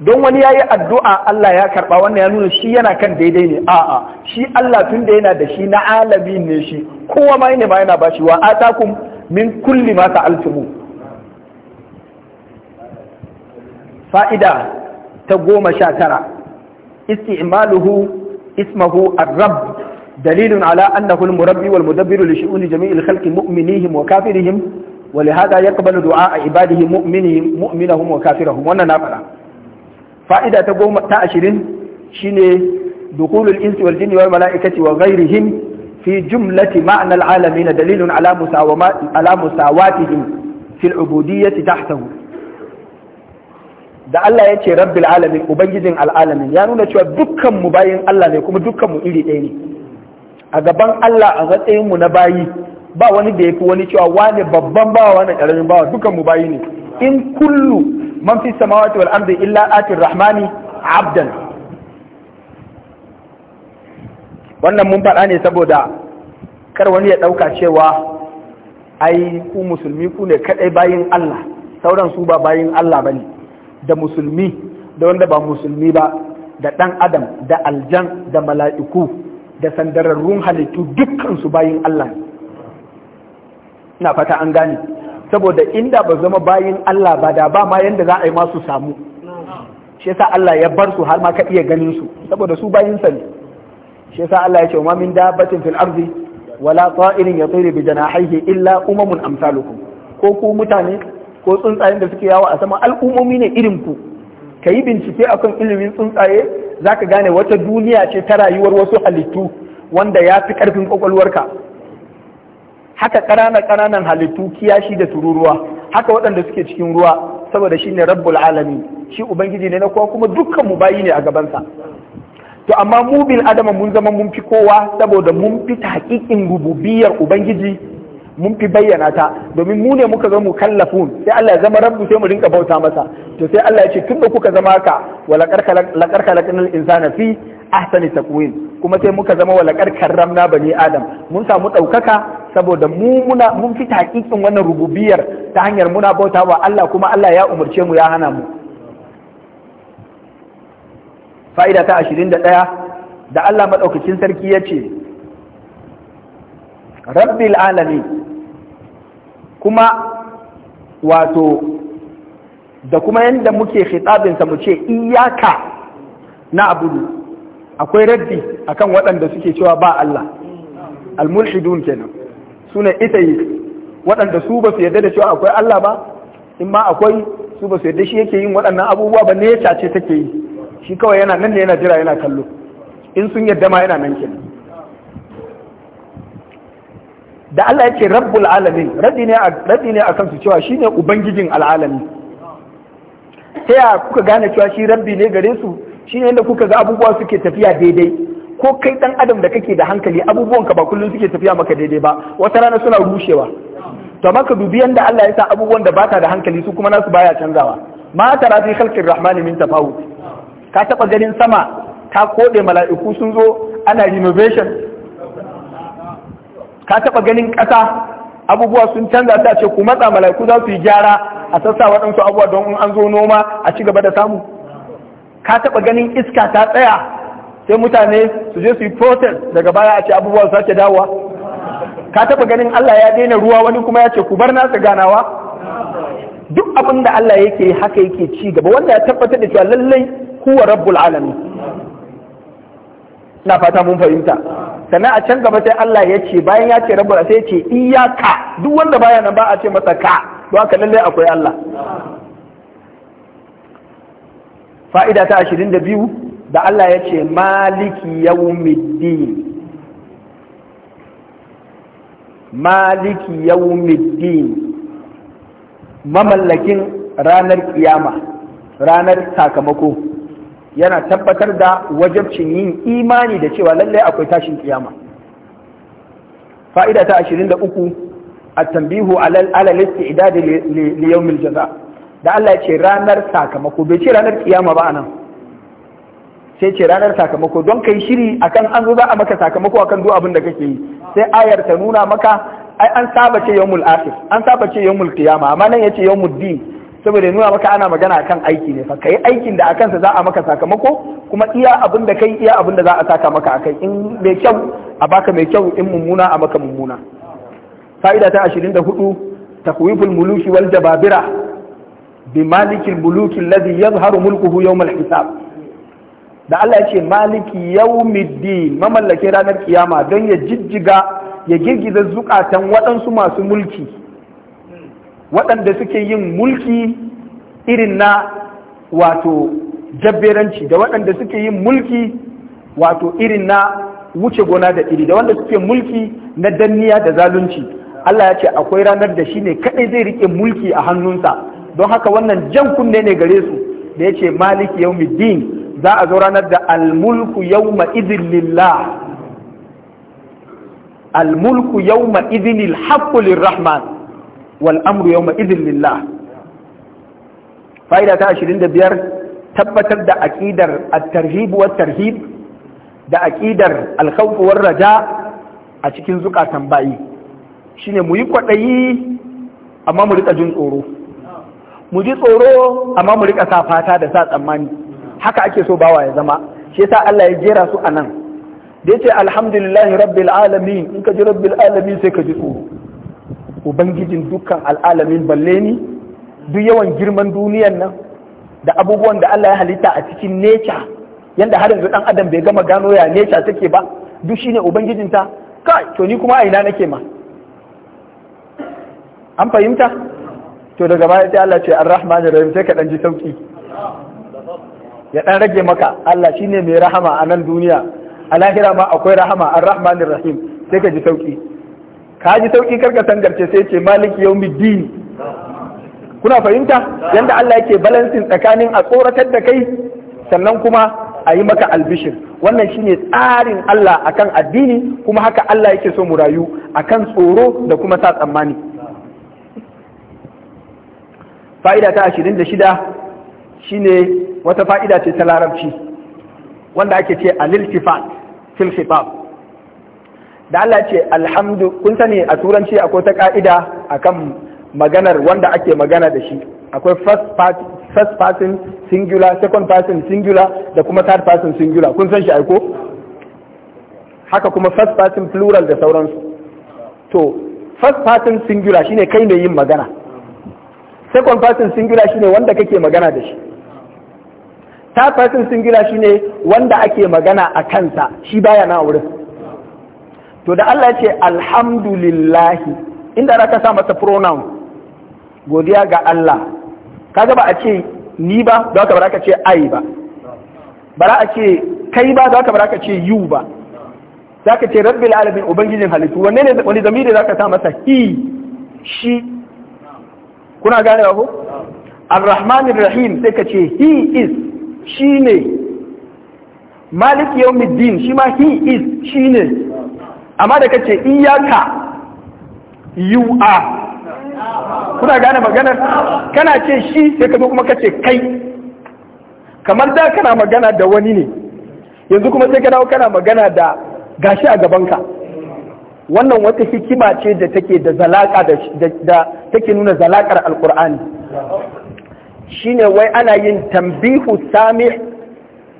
don wani ya yi addu'a Allah ya karɓa wannan ya nuna shi yana kan daidai ne a'a shi Allah tun da yana da shi na alabi ne shi kowa ma ne ma yana bashi wa atakum min kulli ma ta'altumu fa'ida ta goma sha tara isti'maluhu ismahu ar-rabb دليل على أنه المربي والمدبر لشؤون جميع الخلق مؤمنيهم وكافرهم ولهذا يقبل دعاء عباده مؤمنهم مؤمنهم وكافرهم وانا نافلا فائدة تقوم تأشرين شيني دخول الإنس والجن والملائكة وغيرهم في جملة معنى العالمين دليل على على مساواتهم في العبودية تحته da Allah ya ce rabbil alamin ubangijin al'alamin ya nuna cewa dukkan mu bayan Allah ne kuma dukkan mu iri ɗaya ne a gaban Allah a matsayinmu na bayi ba wani da ya fi wani cewa wani babban bawa wani ƙaramin bawa dukan mu bayi ne in kullu man fi samawati wal ardi illa atir rahmani abdan wannan mun faɗa ne saboda kar wani ya ɗauka cewa ai ku musulmi ku ne kadai bayin Allah sauran su ba bayin Allah bane da musulmi da wanda ba musulmi ba da ɗan adam da aljan da mala'iku da sandararrun halittu dukkansu bayin Allah na fata an gane saboda inda ba zama bayin Allah ba da ba ma yanda za a yi masu samu shi yasa Allah ya bar su har ma ka iya ganin su saboda su bayin sa ne shi yasa Allah ya ce ma min dabbatin fil ardi wala ta'irin yatiru bi janahihi illa umamun amsalukum ko ku mutane ko tsuntsayen da suke yawo a sama al'umomi ne irin ku kayi bincike akan ilimin tsuntsaye za ka gane wata duniya ce ta rayuwar wasu halittu wanda ya fi ƙarfin ƙwaƙwalwarka haka ƙananan ƙananan halittu kiyashi da tururuwa haka waɗanda suke cikin ruwa saboda shi ne rabbul alami shi ubangiji ne na kowa kuma dukkan mu bayi ne a gabansa to amma mu bil adama mun zama mun fi kowa saboda mun fi haƙiƙin rububiyar ubangiji mun fi bayyana ta domin mu ne muka ga kallafun sai Allah ya zama rabbu sai mu rinka bauta masa to sai Allah ya ce tun tunda kuka zama haka wala laqad khalaqnal insana fi ahsani taqwim kuma sai muka zama wala karramna bani adam mun samu daukaka saboda mu muna mun fi hakikin wannan rububiyar ta hanyar muna bauta wa Allah kuma Allah ya umurce mu ya hana mu fa'ida ta 21 da Allah madaukakin sarki ya ce rabbil alamin kuma wato da kuma yadda muke khitabinsa mu ce iyaka na abudu akwai raddi akan waɗanda suke cewa ba Allah al-mulhidun kenan sune yi waɗanda su ba su yarda da cewa akwai Allah ba in ma akwai su ba su yarda shi yake yin waɗannan abubuwa ba ne ce take yi shi kawai yana nan ne yana jira yana kallo in sun yarda ma yana nan kenan da Allah ya ce rabbul alamin radi ne a radi ne akan su cewa shine ubangijin al'alami ta ya kuka gane cewa shi rabbi ne gare su shine inda kuka ga abubuwa suke tafiya daidai ko kai dan adam da kake da hankali abubuwan ka ba kullum suke tafiya maka daidai ba wata rana suna rushewa to maka dubi yanda Allah ya sa abubuwan da baka da hankali su kuma nasu baya canzawa ma tara fi khalqir rahmani min tafawut ka taba ganin sama ta kode mala'iku sun zo ana renovation ka taɓa ganin ƙasa abubuwa sun canza ta ce ku matsa mala'iku za su yi gyara a sassa waɗansu abubuwa don in an zo noma a ci gaba da samu ka taɓa ganin iska ta tsaya sai mutane su je su yi protest daga baya a ce abubuwa su sake dawowa ka taɓa ganin Allah ya daina ruwa wani kuma ya ce ku bar nasa ganawa duk abin da Allah yake haka yake ci gaba wanda ya tabbatar da cewa lallai kuwa rabbul alamin na fata mun fahimta sannan a can gaba sai Allah ya ce bayan ya ce rabbana sai ya ce iyaka duk wanda baya nan ba a ce masa ka don haka lallai akwai Allah fa'ida ta ashirin da da Allah ya ce maliki yawmiddin maliki yawmiddin mamallakin ranar kiyama ranar sakamako yana tabbatar da wajabcin yin imani da cewa lallai akwai tashin kiyama fa'ida ta 23 at-tanbihu ala al-istidad li yawm al-jaza da Allah ya ce ranar sakamako bai ce ranar kiyama ba anan sai ce ranar sakamako don kai shiri akan an zo za a maka sakamako akan duk abin da kake yi sai ayar ta nuna maka ai an saba ce yawmul akhir an saba ce yawmul qiyama amma nan yace yawmud din saboda nuna maka ana magana akan aiki ne fa kai aikin da a kansa za a maka sakamako kuma iya abin da kai iya abin da za a saka maka akai in mai kyau a baka mai kyau in mummuna a maka mummuna fa'ida ta 24 takwiful muluki wal jababira bi malikil muluki alladhi yadhharu mulkuhu yawm al hisab da Allah ya ce maliki yawmiddin mamallake ranar kiyama don ya jijjiga ya girgiza zukatan waɗansu masu mulki waɗanda suke yin mulki irin na wato jabberanci da waɗanda suke yin mulki wato irin na wuce gona da iri da wanda suke mulki na danniya da zalunci Allah ya ce akwai ranar da shi ne kaɗai zai riƙe mulki a hannunsa don haka wannan jan kunne ne gare su da ya ce maliki yaumiddin za a zo ranar da almulku yauma idin lillah almulku yawma idin alhaqqu rahman. wal'amru yau yawma lillah fa'ida ta biyar tabbatar da aƙidar at-tarhib tarhib da aƙidar al raja a cikin zukatan bayi shine mu yi kwaɗayi amma mu rika jin tsoro mu ji tsoro amma mu rika sa fata da sa tsammani haka ake so bawa ya zama shi yasa Allah ya jera su anan da ce alhamdulillahi rabbil alamin in ka ji rabbil alamin sai ka ji tsoro ubangijin dukkan al'alamin balle ni duk yawan girman duniyan nan da abubuwan da Allah ya halitta a cikin neca yadda har yanzu ɗan adam bai gama gano ya neca take ba duk shine ubangijinta kai to ni kuma a ina nake ma an fahimta to daga baya sai Allah ce rahama ne rahim sai ka ɗan ji sauƙi ya ɗan rage maka Allah shi ne mai rahama a nan duniya a lahira ma akwai rahama rahama rahmanir rahim sai ka ji sauƙi. ka ji sauki karka sangarce sai ce maliki dini. kuna fahimta yadda Allah yake balansin tsakanin a tsoratar da kai sannan kuma a yi maka albishir wannan shine tsarin Allah akan addini kuma haka Allah yake so mu rayu akan tsoro da kuma sa tsammani fa'ida ta ashirin da shida shine wata fa'ida ce ta larabci wanda ake ce a fil da Allah ce alhamdu kun sani a turanci akwai ta ka'ida akan maganar wanda ake magana da shi akwai first person singular second person singular da kuma third person singular kun san shi aiko haka kuma first person plural da sauransu to first person singular shine kai ne yin magana second person singular shine wanda kake magana da shi third person singular shine wanda ake magana a kansa shi baya na wurin to da Allah ya ce alhamdulillahi inda za ka sa masa pronoun godiya ga Allah ka ba a ce ni ba da haka ba za ka ce ai ba ba za a ce kai ba da haka ba za ka ce yu ba za ka ce rabbil alamin ubangijin halittu wanne ne wani zamiri za ka sa masa hi shi kuna gane ba ko Al rahmanir rahim sai ka ce he is shi ne malik yawmiddin shi ma he is shi ne amma da kace iyaka you are kuna gane maganar kana ce shi sai ka zo kuma kace kai kamar da kana magana da wani ne yanzu kuma sai ka dawo kana magana da gashi a gabanka wannan wata hikima ce da take da zalaka da take nuna zalakar alkur'ani shine wai ana yin tambihu sami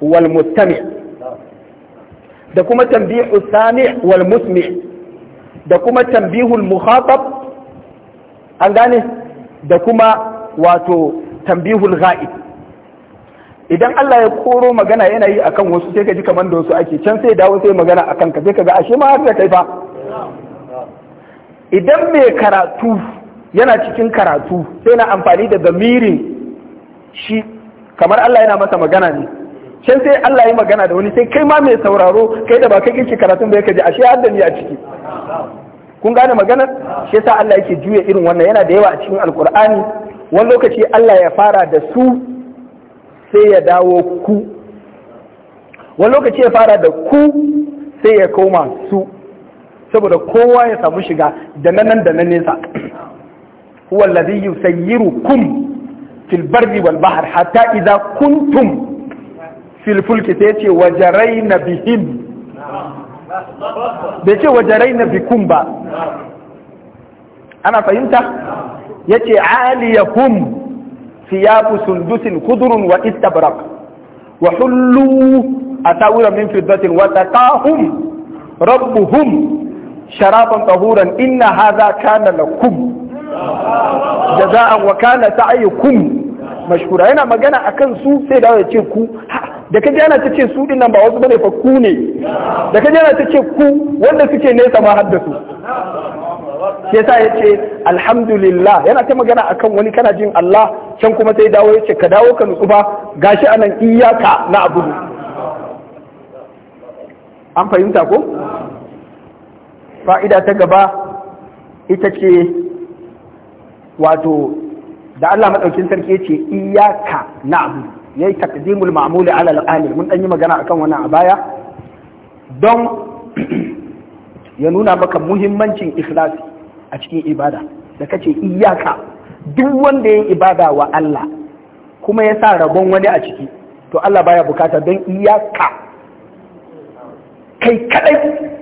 wal mustami' da kuma tambihu sami wal musmi da kuma tambihul muhatab an gane da kuma wato tambihul ghaib idan Allah ya koro magana yana yi akan wasu sai ka ji kamar da wasu ake can sai dawo sai magana akan ka sai ka ga ashe ma har da kai fa idan mai karatu yana cikin karatu sai na amfani da zamirin shi kamar Allah yana masa magana ne sai sai Allah ya magana da wani sai kai ma mai sauraro kai da ba kai kike karatun yake ji ashe har da ni a ciki kun gane maganar shi yasa Allah yake juya irin wannan yana da yawa a cikin alkur'ani wani lokaci Allah ya fara da su sai ya dawo ku wani lokaci ya fara da ku sai ya koma su saboda kowa ya samu shiga da nan da nan nesa huwa alladhi yusayyirukum fil barri wal bahr hatta idza kuntum filfulki sai ce wajarai na bihim bai ce wajarai na bikum ba ana fahimta ya ce aliyahum siyafu sundusin kudurun wa istabrak wa hullu a ta'ura min fiddatin wa taqahum rabbuhum sharaban tahuran inna hadha kana lakum jaza'an wa kana ta'ayukum mashkura yana magana akan su sai dawo ya ce ku da kaji ana ta ce su din nan ba wasu bane fa ku ne da kaji ana ta ce ku wanda suke nesa ma haddasu sai sa ya ce alhamdulillah yana ta magana akan wani kana jin Allah can kuma sai dawo ya ce ka dawo ka nutsu ba gashi anan iyaka na abu an fahimta ko fa'ida ta gaba ita ce wato da Allah madaukin sarki yace iyyaka na'bu yayi taqdimul ma'muli ala al-amil mun dan yi magana akan wannan a baya don (clears throat) ya nuna maka muhimmancin ikhlasi a cikin ibada da kace iyyaka duk wanda yayi ibada wa Allah kuma ya sa rabon wani a ciki to Allah baya bukata don iyaka kai kadai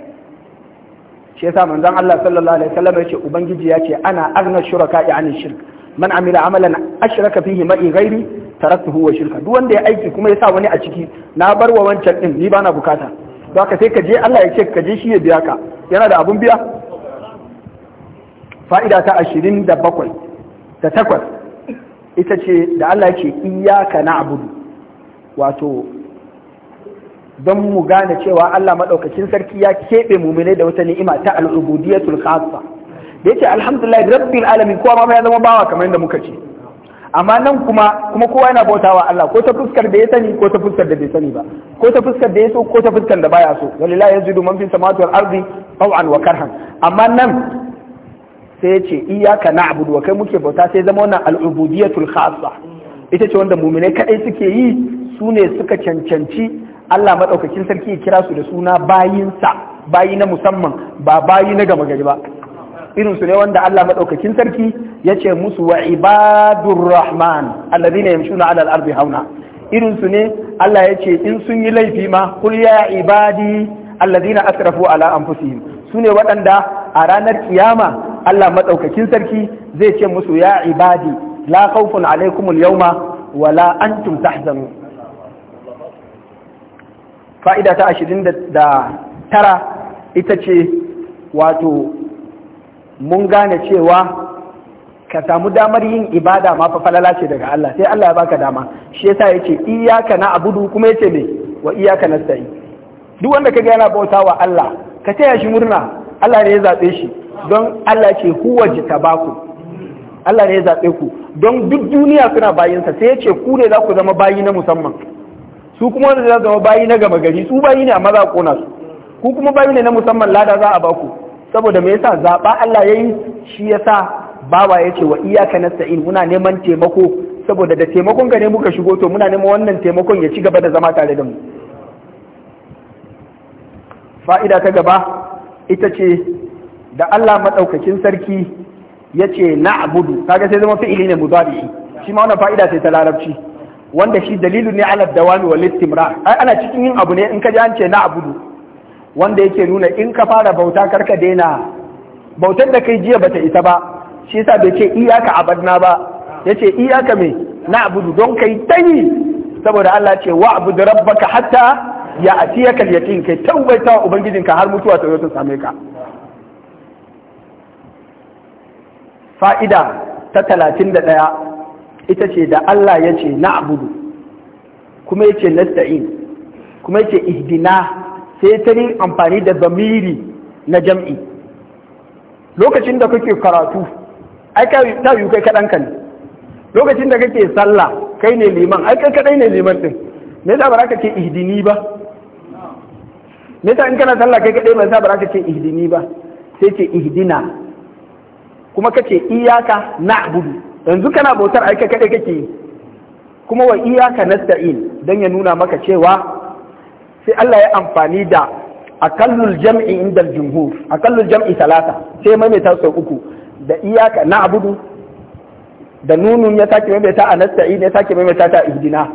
shi yasa manzon Allah sallallahu alaihi wasallam ya ce ubangiji ya ana agna shuraka yani shirka. man amila amalan ashraka fihi ma'i ghairi taraktuhu wa shirka duk wanda ya aiki kuma ya sa wani a ciki na bar wa wancan din ni bana bukata don haka sai ka je Allah ya ce ka shi ya biya ka yana da abun biya fa'ida ta ashirin da bakwai da takwas ita ce da Allah ce iyaka na abudu wato don mu gane cewa Allah maɗaukacin sarki ya keɓe mumine da wata ni'ima ta al-ubudiyatul khassa da yace alhamdulillah rabbil alamin kowa ma ya zama bawa kamar yadda muka ce amma nan kuma kuma kowa yana bautawa Allah ko ta fuskar da ya sani ko ta fuskar da bai sani ba ko ta fuskar da ya so ko ta fuskar da baya so walillahi yazidu man fi samawati wal ardi taw'an wa karhan amma nan sai ya ce iyyaka na'budu wa kai muke bauta sai zama wannan al'ubudiyatul khassa ita ce wanda mu'minai kadai suke yi su ne suka cancanci Allah madaukakin sarki ya kira su da suna bayinsa bayi na musamman ba bayi na gama gari ba irin su ne wanda Allah maɗaukakin sarki yace musu wa ibadur rahman alladhina yamshuna ala al-ardi hauna irin ne Allah yace in sun yi laifi ma kul ya ibadi alladhina asrafu ala anfusihim sune waɗanda a ranar kiyama Allah maɗaukakin sarki zai ce musu ya ibadi la khawfun alaykum al-yawma wala antum tahzanun fa'ida ta 29 ita ce wato mun gane cewa ka samu damar yin ibada ma fa falala ce daga Allah sai Allah ya baka dama shi yasa yace iyyaka na'budu kuma yace me wa iyyaka nasta'in duk wanda kaga yana bauta wa Allah ka taya shi murna Allah ne ya zabe shi don Allah ce huwa jitabaku Allah ne ya zabe ku don duk duniya suna bayinsa sai yace ku ne za ku zama bayi na musamman su kuma wanda za su zama bayi na gama gari su bayi ne amma za a kona su ku kuma bayi ne na musamman lada za a baku saboda mai yasa zaɓa Allah ya yi shi ya sa bawa ya ce wa iyaka nasta'in muna neman taimako saboda da taimakon ka ne muka shigo to muna neman wannan taimakon ya ci gaba da zama tare da mu fa'ida ta gaba ita ce da Allah maɗaukakin sarki ya ce na'budu kaga sai zama fi'ili ne mudari shi ma wannan fa'ida sai ta larabci wanda shi dalilu ne ala dawami wal istimrar ai ana cikin yin abu ne in ka ji an ce na'budu wanda yake nuna in ka fara bauta karka daina bautar da kai jiya bata isa ba shi yasa bai ce iyaka abadna ba yace iyaka me na abudu don kai tayi saboda Allah ce wa abudu rabbaka hatta ya atiyaka yaqin kai tawbaita wa ubangijinka har mutuwa ta yoto same ka fa'ida ta talatin da ɗaya ita ce da Allah yace na abudu kuma yace nasta'in kuma yace ihdina sai ta yi amfani da zamiri na jam'i lokacin da kake karatu ai ta yi kai kaɗan ka ne lokacin da kake sallah kai ne liman ai kai kaɗai ne liman ɗin me za ba za ka ce ihdini ba me yasa in kana sallah kai kaɗai ba za ba za ka ce ihdini ba sai ce ihdina kuma kace iyaka na'budu yanzu kana bautar ai kai kaɗai kake kuma wa iyaka nasta'in dan ya nuna maka cewa sai Allah ya amfani da akallul jam'i inda jumhur akallul jam'i talata sai maimaita sau uku da iyaka na abudu da nunun ya sake maimaita a nasta'in ya sake maimaita ta ihdina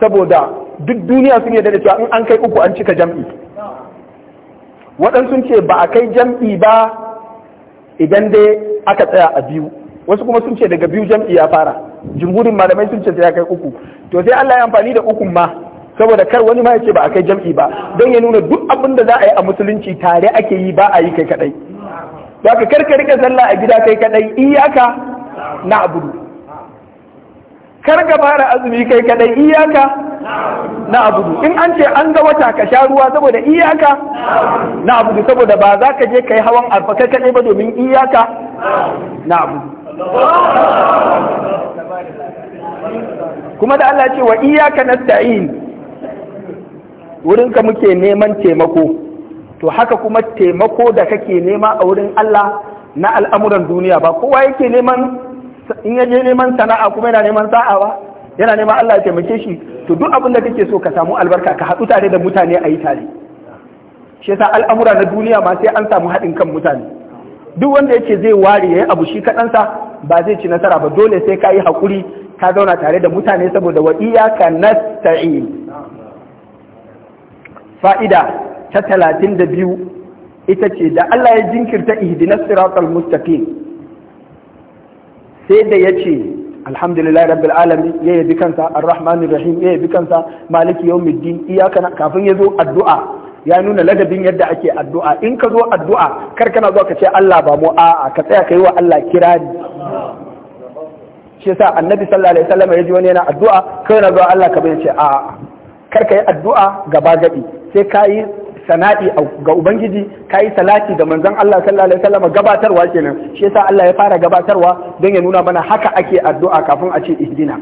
saboda duk duniya sun yi da cewa in an kai uku an cika jam'i waɗansu ce ba a kai jam'i ba idan dai aka tsaya a biyu wasu kuma sun ce daga biyu jam'i ya fara jumhurin malamai sun ce ya kai uku to sai Allah ya amfani da ukun ma saboda kar wani ma ya ce ba a kai jam'i ba don ya nuna duk abin da za a yi a musulunci tare ake yi ba a yi kai kadai da ka karka rika zalla a gida kai kadai iyaka na abudu kar ka fara azumi kai kadai iyaka na abudu in an ce an ga wata ka sha ruwa saboda iyaka na abudu saboda ba za ka je kai hawan arfa kai kadai ba domin iyaka na abudu kuma da Allah ce wa iyaka nasta'in Wurin ka muke neman taimako to haka kuma taimako da kake nema a wurin Allah na al'amuran duniya ba kowa yake neman in yaje neman sana'a kuma yana neman sa'a ba yana neman Allah ya taimake shi to duk abin da kake so ka samu albarka ka haɗu tare da mutane a yi tare shi yasa al'amura na duniya ma sai an samu haɗin kan mutane duk wanda yake zai ware ya yayi abu shi kaɗansa ba zai ci nasara ba dole sai ka yi haƙuri ka zauna tare da mutane saboda wa iya ka nasta'in fa'ida ta talatin da biyu ita ce da Allah ya jinkirta ihdinas siratal mustaqim sai da ya ce alhamdulillah rabbil alamin ya yabi kansa arrahmanir rahim ya yabi kansa maliki yawmiddin iyaka kafin ya zo addu'a ya nuna ladabin yadda ake addu'a in ka zo addu'a kar kana zo ka ce Allah ba mu a'a ka tsaya ka yi wa Allah kirari shi yasa annabi sallallahu alaihi wasallam ya ji wani yana addu'a kai na zo Allah ka bai ce a'a kar ka yi addu'a gaba gadi sai ka yi sana'i ga ubangiji ka yi salati ga manzon Allah sallallahu alaihi wasallam gabatarwa kenan shi yasa Allah ya fara gabatarwa don ya nuna mana haka ake addu'a kafin a ce ihdina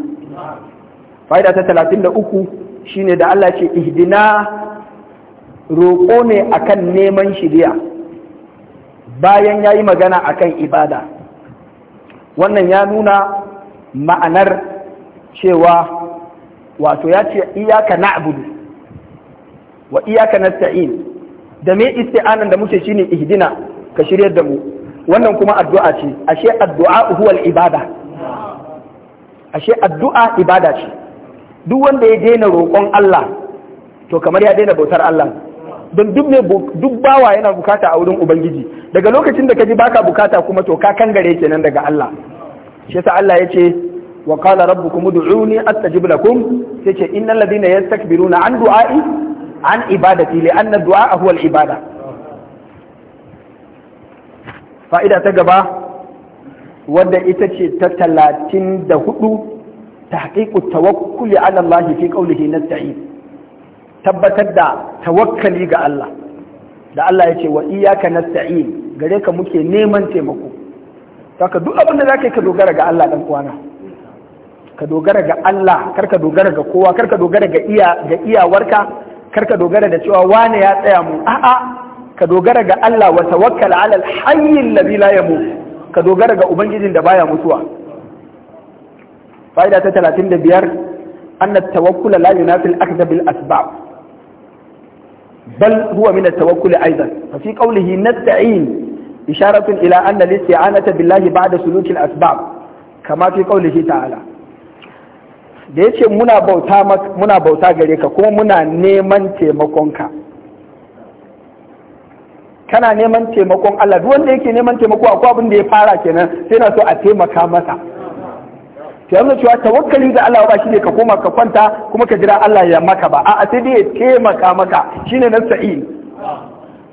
fa'ida ta talatin da 33 shine da Allah ce ihdina roƙo ne akan neman shiriya bayan yayi magana akan ibada wannan ya nuna ma'anar cewa wato ya ce iyaka na'budu wa iyaka nasta'in da me isti'anan da muke shine ihdina ka shiryar da mu wannan kuma addu'a ce ashe addu'a huwal ibada ashe addu'a ibada ce duk wanda ya daina roƙon Allah to kamar ya daina bautar Allah don duk ne duk bawa yana bukata a wurin ubangiji daga lokacin da ka ji baka bukata kuma to ka kangare kenan daga Allah shi yasa Allah ya ce wa qala rabbukum ud'uni astajib lakum sai ce innal ladina yastakbiruna an du'a'i an ibadati li anna du'a a al ibada fa'ida ta gaba wadda ita ce ta talatin da hudu ta haƙiƙu tawakkuli ala Allah fi ƙaulihi na ta'i tabbatar da tawakkali ga Allah da Allah ya ce wa iyaka na ta'i gare ka muke neman taimako aka duk abinda da za ka dogara ga Allah ɗan uwana ka dogara ga Allah karka dogara ga kowa karka dogara ga iya ga iyawarka karka dogara da cewa wane ya tsaya mu a'a ka dogara ga Allah wa tawakkal ala al-hayy alladhi la yamut ka dogara ga ubangijin da baya mutuwa fa'ida ta 35 anna at-tawakkul la yunafi al-akhdh bil asbab bal huwa min at-tawakkul aidan fa fi qawlihi nasta'in إشارة إلى أن الاستعانة بالله بعد سلوك الأسباب كما في قوله تعالى da ya ce muna bauta gare ka kuma muna neman taimakonka kana neman taimakon Allah duk wanda yake neman taimako akwai abin da ya fara kenan sai na so a taimaka masa ta yanzu cewa tawakkali da Allah ba shi ne ka koma ka kwanta kuma ka jira Allah ya maka ba a'a sai dai ya taimaka maka shine nan sa'i.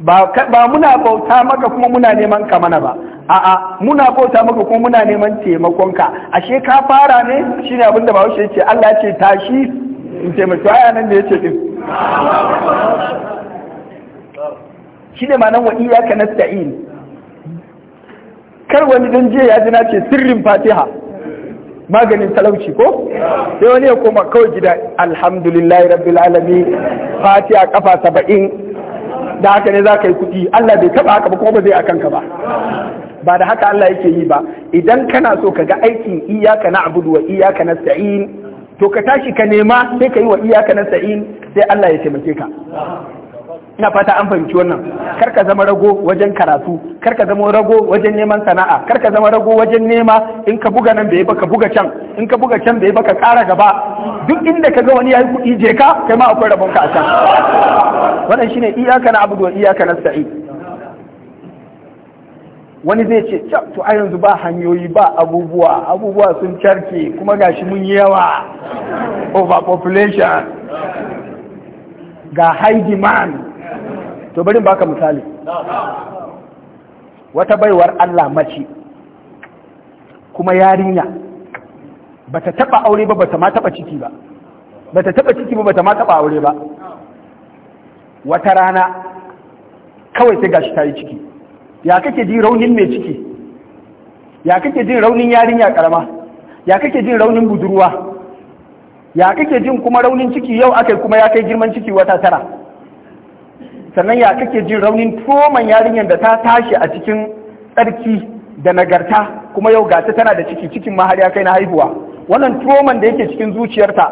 ba muna bauta maka kuma muna neman ka mana ba a'a muna bauta maka kuma muna neman taimakonka ashe ka fara ne shine abin da Bahaushe ce Allah ya ce tashi in taimaki aya nan da ce din shi ne ma'anar wa iyaka nasta'in kar wani dan jiya ya ji na ce sirrin Fatiha maganin talauci ko sai wani ya koma kawai gida alhamdulillahi rabbil alamin Fatiha kafa saba'in da haka ne za ka yi kuɗi Allah bai taɓa haka ba kuma ba zai a ka ba ba da haka Allah yake yi ba idan kana so ka ga aikin iyaka na abudu wa iyaka na sa'in to ka tashi ka nema sai ka yi wa iyaka na sa'in sai Allah ya taimake ka ina fata an fahimci wannan karka zama rago wajen karatu kar zama rago wajen neman sana'a karka zama rago wajen nema in ka buga nan bai baka buga can in ka buga can bai baka kara gaba duk inda ka ga wani yayi kuɗi je ka kai ma akwai rabon ka a can wannan shine iyaka na abudu iyaka na sa'i wani zai ce to a yanzu ba hanyoyi ba abubuwa abubuwa sun carke kuma gashi mun yi yawa overpopulation ga high demand to bari baka misali wata baiwar Allah mace kuma yarinya bata taba aure ba bata ma taba ciki ba bata taba ciki ba bata ma taba aure ba wata rana kawai sai gashi ta yi ciki ya kake jin raunin mai ciki ya kake jin raunin yarinya karama ya kake jin raunin budurwa ya kake jin kuma raunin ciki yau akai kuma ya kai girman ciki wata tara sannan ya kake jin raunin toman yarinyar da ta tashi a cikin tsarki da nagarta kuma yau gata tana da ciki cikin mahar ya kai na haihuwa wannan toman da yake cikin zuciyarta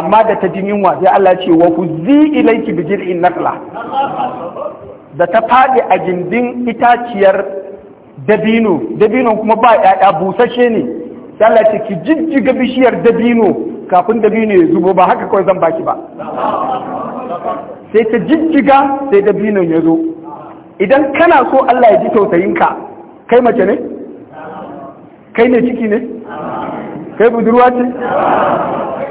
amma da ta jin yunwa sai Allah ce wa ku zi ilaiki bi in nakla da ta fadi a gindin itaciyar dabino dabino kuma ba yaya busashe ne sai Allah ce ki jijjiga bishiyar dabino kafin dabino ya zubo ba haka kawai zan baki ba sai ta jijjiga sai binan ya zo idan kana so Allah ya ji tausayinka kai mace ne kai ne ciki ne kai budurwa ce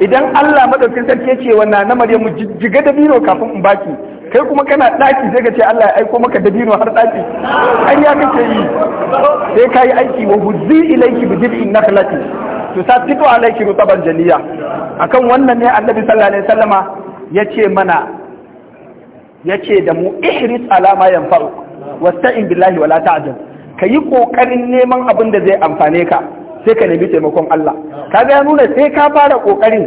idan Allah maɗaukin sarki ya ce wannan na Maryamu jijjiga dabino kafin in baki kai kuma kana ɗaki sai ka ce Allah ya aiko maka dabino har ɗaki an ya kake yi sai ka yi aiki wa huzzi ilayki bi jib'in nakhlati tusaqitu alayki rutaban a akan wannan ne Annabi sallallahu alaihi wasallama ce mana yace da mu ihris ala ma yanfa'u wasta'in billahi wala ta'jal kayi kokarin neman abin da zai amfane ka sai ka nemi taimakon Allah ka ya nuna sai ka fara kokarin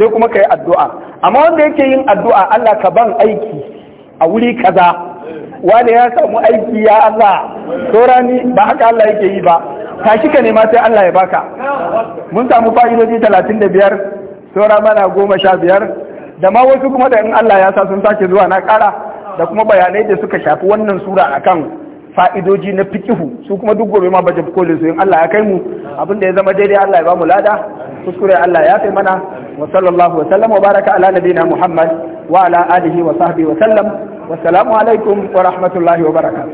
sai kuma kai addu'a amma wanda yake yin addu'a Allah ka ban aiki a wuri kaza wani ya samu aiki ya Allah ni ba haka Allah yake yi ba tashi ka nema sai Allah ya baka mun samu fa'idoji 35 saura mana goma sha biyar da ma wasu kuma da in Allah ya sa sun sake zuwa na kara da kuma bayanai da suka shafi wannan sura akan fa'idoji na fikihu su kuma duk gobe ma baje koli su in Allah ya kai mu abin da ya zama daidai Allah ya ba mu lada kuskure Allah ya kai mana wa sallallahu wa sallam wa baraka ala nabina Muhammad wa ala alihi wa sahbihi wa sallam wa alaikum wa rahmatullahi wa baraka.